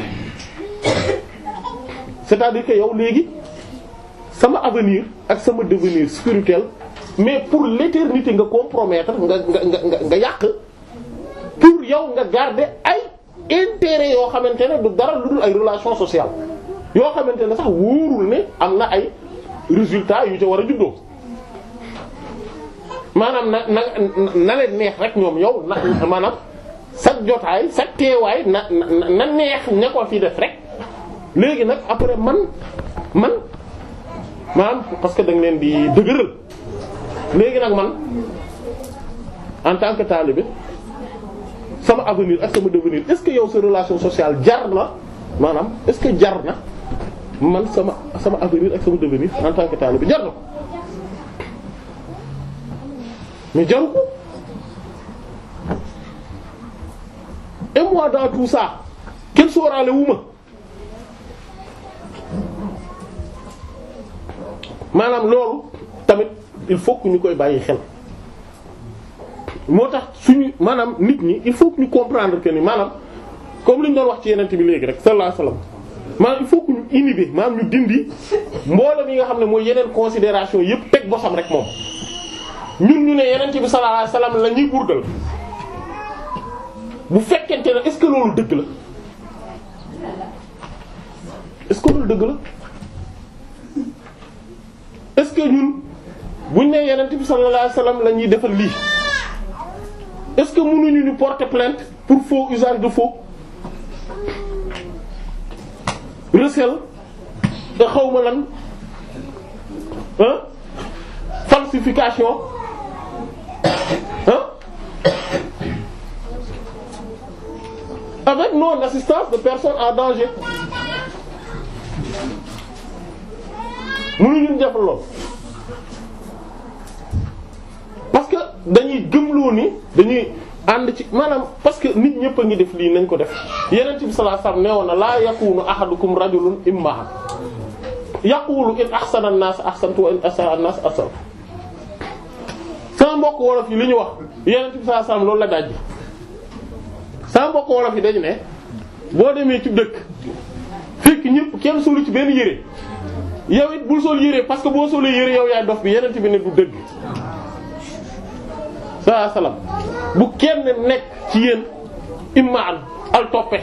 c'est-à-dire que yow léegi sama avenir ak sama devenir spirituel mais pour l'éternité nga compromettre nga nga nga nga yàq pour yow nga garder ay intérêt yoo xamante ne du dara lu dul ay relations sociales yoo xamante ne sax wóorul ne am na ay résultat yu ca war a juddoo maanaam na na na leen neex rek ñoom yow na maanaam sag jotaay sag teewaay na na neex ña ko fi def rek léegi nag après man man maanaam parce que da leen di dëgëral léegi nag man en tant que talibé sama avenir ak sama devenir est-ce que yow sa relation sociale jar na maanaam est-ce que jar na man sama sama avenir ak sama devenir en tant que talibé jar na mais jaru ko et moi dans tout ça kenn sóoraale maanaam loolu tamit il faut que ñu koy bàyyi xel moo tax suñu maanaam nit ñi il faut ñu comprendre que ni maanaam comme li ñu doon wax ci yeneen bi léegi rek sallallahu alayhi wasallam maanaam il faut que ñu inhiber maanaam ñu dindi mboolem yi nga xam ne mooy yeneen considération yépp teg bosam rek moom. ñun ñu ne yeneen bi sallallahu alayhi wasallam la ñuy burgal bu fekkente ne est-ce que loolu dëgg la est loolu dëgg la est-ce que ñu buñ ne yeneen bi sallallahu alayhi wasallam la ñuy defal lii est-ce que mënuñu ñu porter plainte pour faux usage de faux recel te xawma lan falsification avec non-assistance de personnes en danger mënuñu def lool parce que dañuy gëmloo ni dañuy ànd ci maanaam parce que nit ñëpp a ngi def lii nañ ko def yeneen ci bi sallallahu alayhi wasallam neewoon na laa yakunu ahadukum rajulun imma yaqulu in ahsana an-nas ahsantu wa in asa'a an-nas asa'tu sama mbokk wolof yi li ñu wax yeneen saa saam loolu la daj sama mbokk wolof yi dañu ne boo demee ci dëkk fekk ñëpp kenn solu ci benn yére yow it bul sol yére parce que boo solee yére yow yaay dof bi yeneen bi ne du dëgg saa salaam bu kenn nekk ci yéen imma an al toppe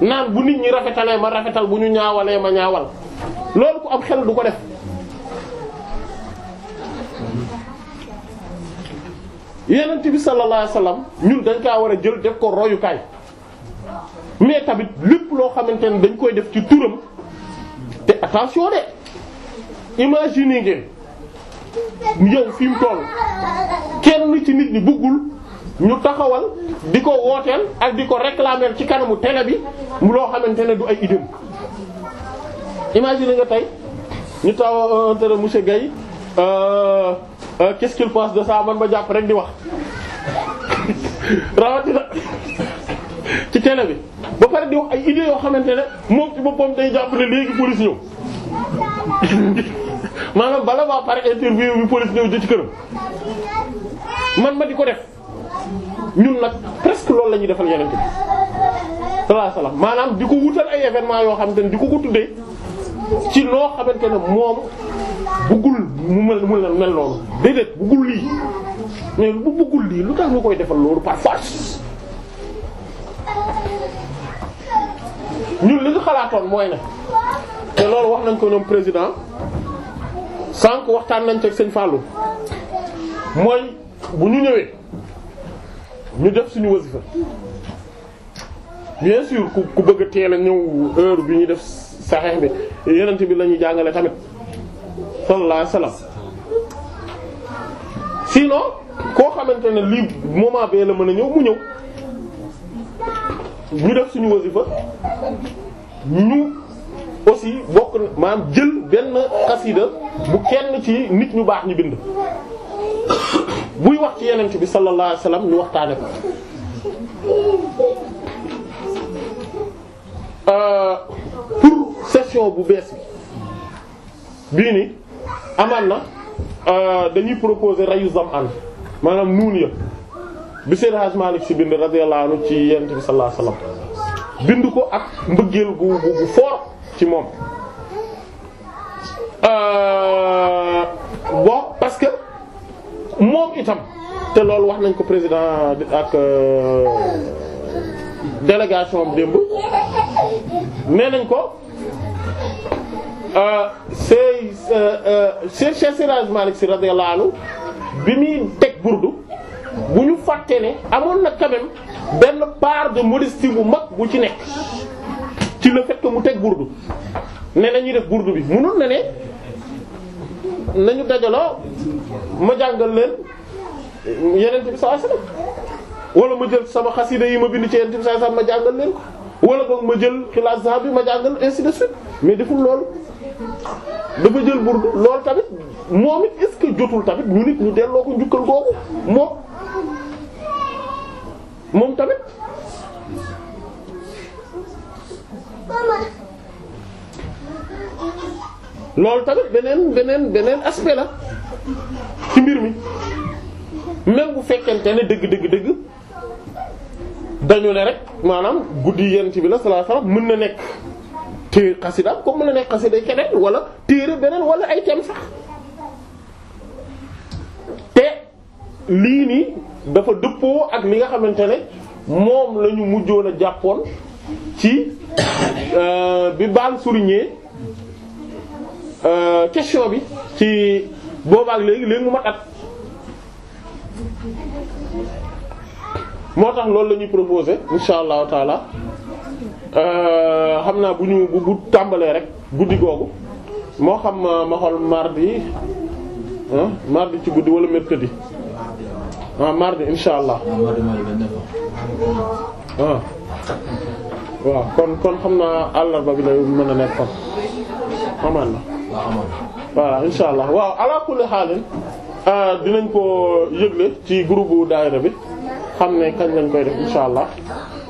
naan bu nit ñi rafetalee ma rafetal bu ñu ñaawalee ma ñaawal loolu ku am xel du ko def. yonent bi sallallahu alayhi ñun dañ kaa war a jël def ko royukaay mais tamit lépp loo xamante ne dañ koy def ci turam te attention de imagine ngeen yow fi mu toll kenn ci nit ñi bëggul ñu taxawal di ko wooteel ak di ko réclamer ci kanamu télé bi mu loo xamante ne du ay idem imagine nga tey ñu taw euh, tere monsieur Gaye euh, Euh, qu'est-ce de ça man ma jàpp rek di wax rawatina ci télé bi ba pare di wax ay idées yoo xamante ne moom ci boppam day jàpp ne léegi police ñëw maanaam bala maa pare interview bi police ñëw di ci këram man ma di ko def ñun nag presque loolu la ñuy defal yeneen bi sallallahu alayhi maanaam di ko wutal ay événement yoo xamante ne di ko ko tuddee ci loo xamante ne moom bëggul mu mel mu mel noonu déedéet bëggul lii mais bu bëggul lii lu tax nga koy defal loolu par force ñun li ñu xalaatoon mooy ne te loolu wax nañ ko ñoom président sànq waxtaan nañ ci ak sëñ Fallou mooy bu ñu ñëwee ñu def suñu wasifa bien sûr ku ku bëgg a teel a ñëw heure bi ñu def saxeex bi yeneen bi lañuy ñuy jàngale tamit. sallallahu alayhi wasallam sinon koo xamante ne lii moment bee la mën a ñëw mu ñëw ñu def suñu wasifa ñu aussi bokk maanaam jël benn xasida bu kenn ci nit ñu baax ñu bind buy wax ci yenent bi sallallahu alayhi wasallam ñu waxtaane ko euh, pour session bu bees bi bii nii amaan na euh, dañuy proposer rayu zam'an maanaam nuun ya bi seen Hajj Malik si bind radiyallahu anhu ci yent bi sallallahu alayhi bind ko ak mbëggeel gu gu ci moom bon euh, parce que moom itam te loolu wax nañ ko président ak euh, délégation am démb ko Euh, Sey euh, euh, Cheikh Siraj Malik Sy radiyallahu anhu bi muy teg burdu bu ñu fàtte ne amoon na quand benn part de modestie bu mag bu ci nekk ci le fait que mu teg burdu ne nañuy def burdu bi mënul na ne nañu dajaloo ma jàngal leen yeneen bi sallallahu alayhi wasallam wala ma jël sama xasida yi ma bind ci yeneen bi sallallahu ma jàngal leen ko wala boog ma jël xilaas bi ma jàngal ainsi mais deful loolu dafa jël burdu lool tamit moom it est-ce que jotul tamit ñu nit ñu delloo ko jukkal googu moom moom tamit loolu tamit beneen beneen beneen aspect la ci mbir mi même bu fekkente ne dëgg dëgg dëgg dañu ne rek maanaam guddi yent bi la sallallahu alayhi mën na nekk téere xasida comme mën na nekk xasida keneen wala téere beneen wala ay thèmes sax te lii ni dafa dëppoo ak li nga xamante ne moom lañu ñu mujjoon a jàppoon ci euh, bi baal souligner euh, question bi ci boobaak léegi léegi mu moo tax loolu la ñuy proposer insha allah taala Euh, xam naa bu ñu bu tàmbalee rek guddi googu moo xam euh, ma xool mardi mardi ci guddi wala mercredi ah mardi insha allah ah, ah. waaw kon kon xam naa àllarba bi lay mën a nekk amaan na voilà insha allah waaw ala kulli euh, dinañ ko yëgle ci groupe daayira bi xam ne kañ lañ koy def insha allah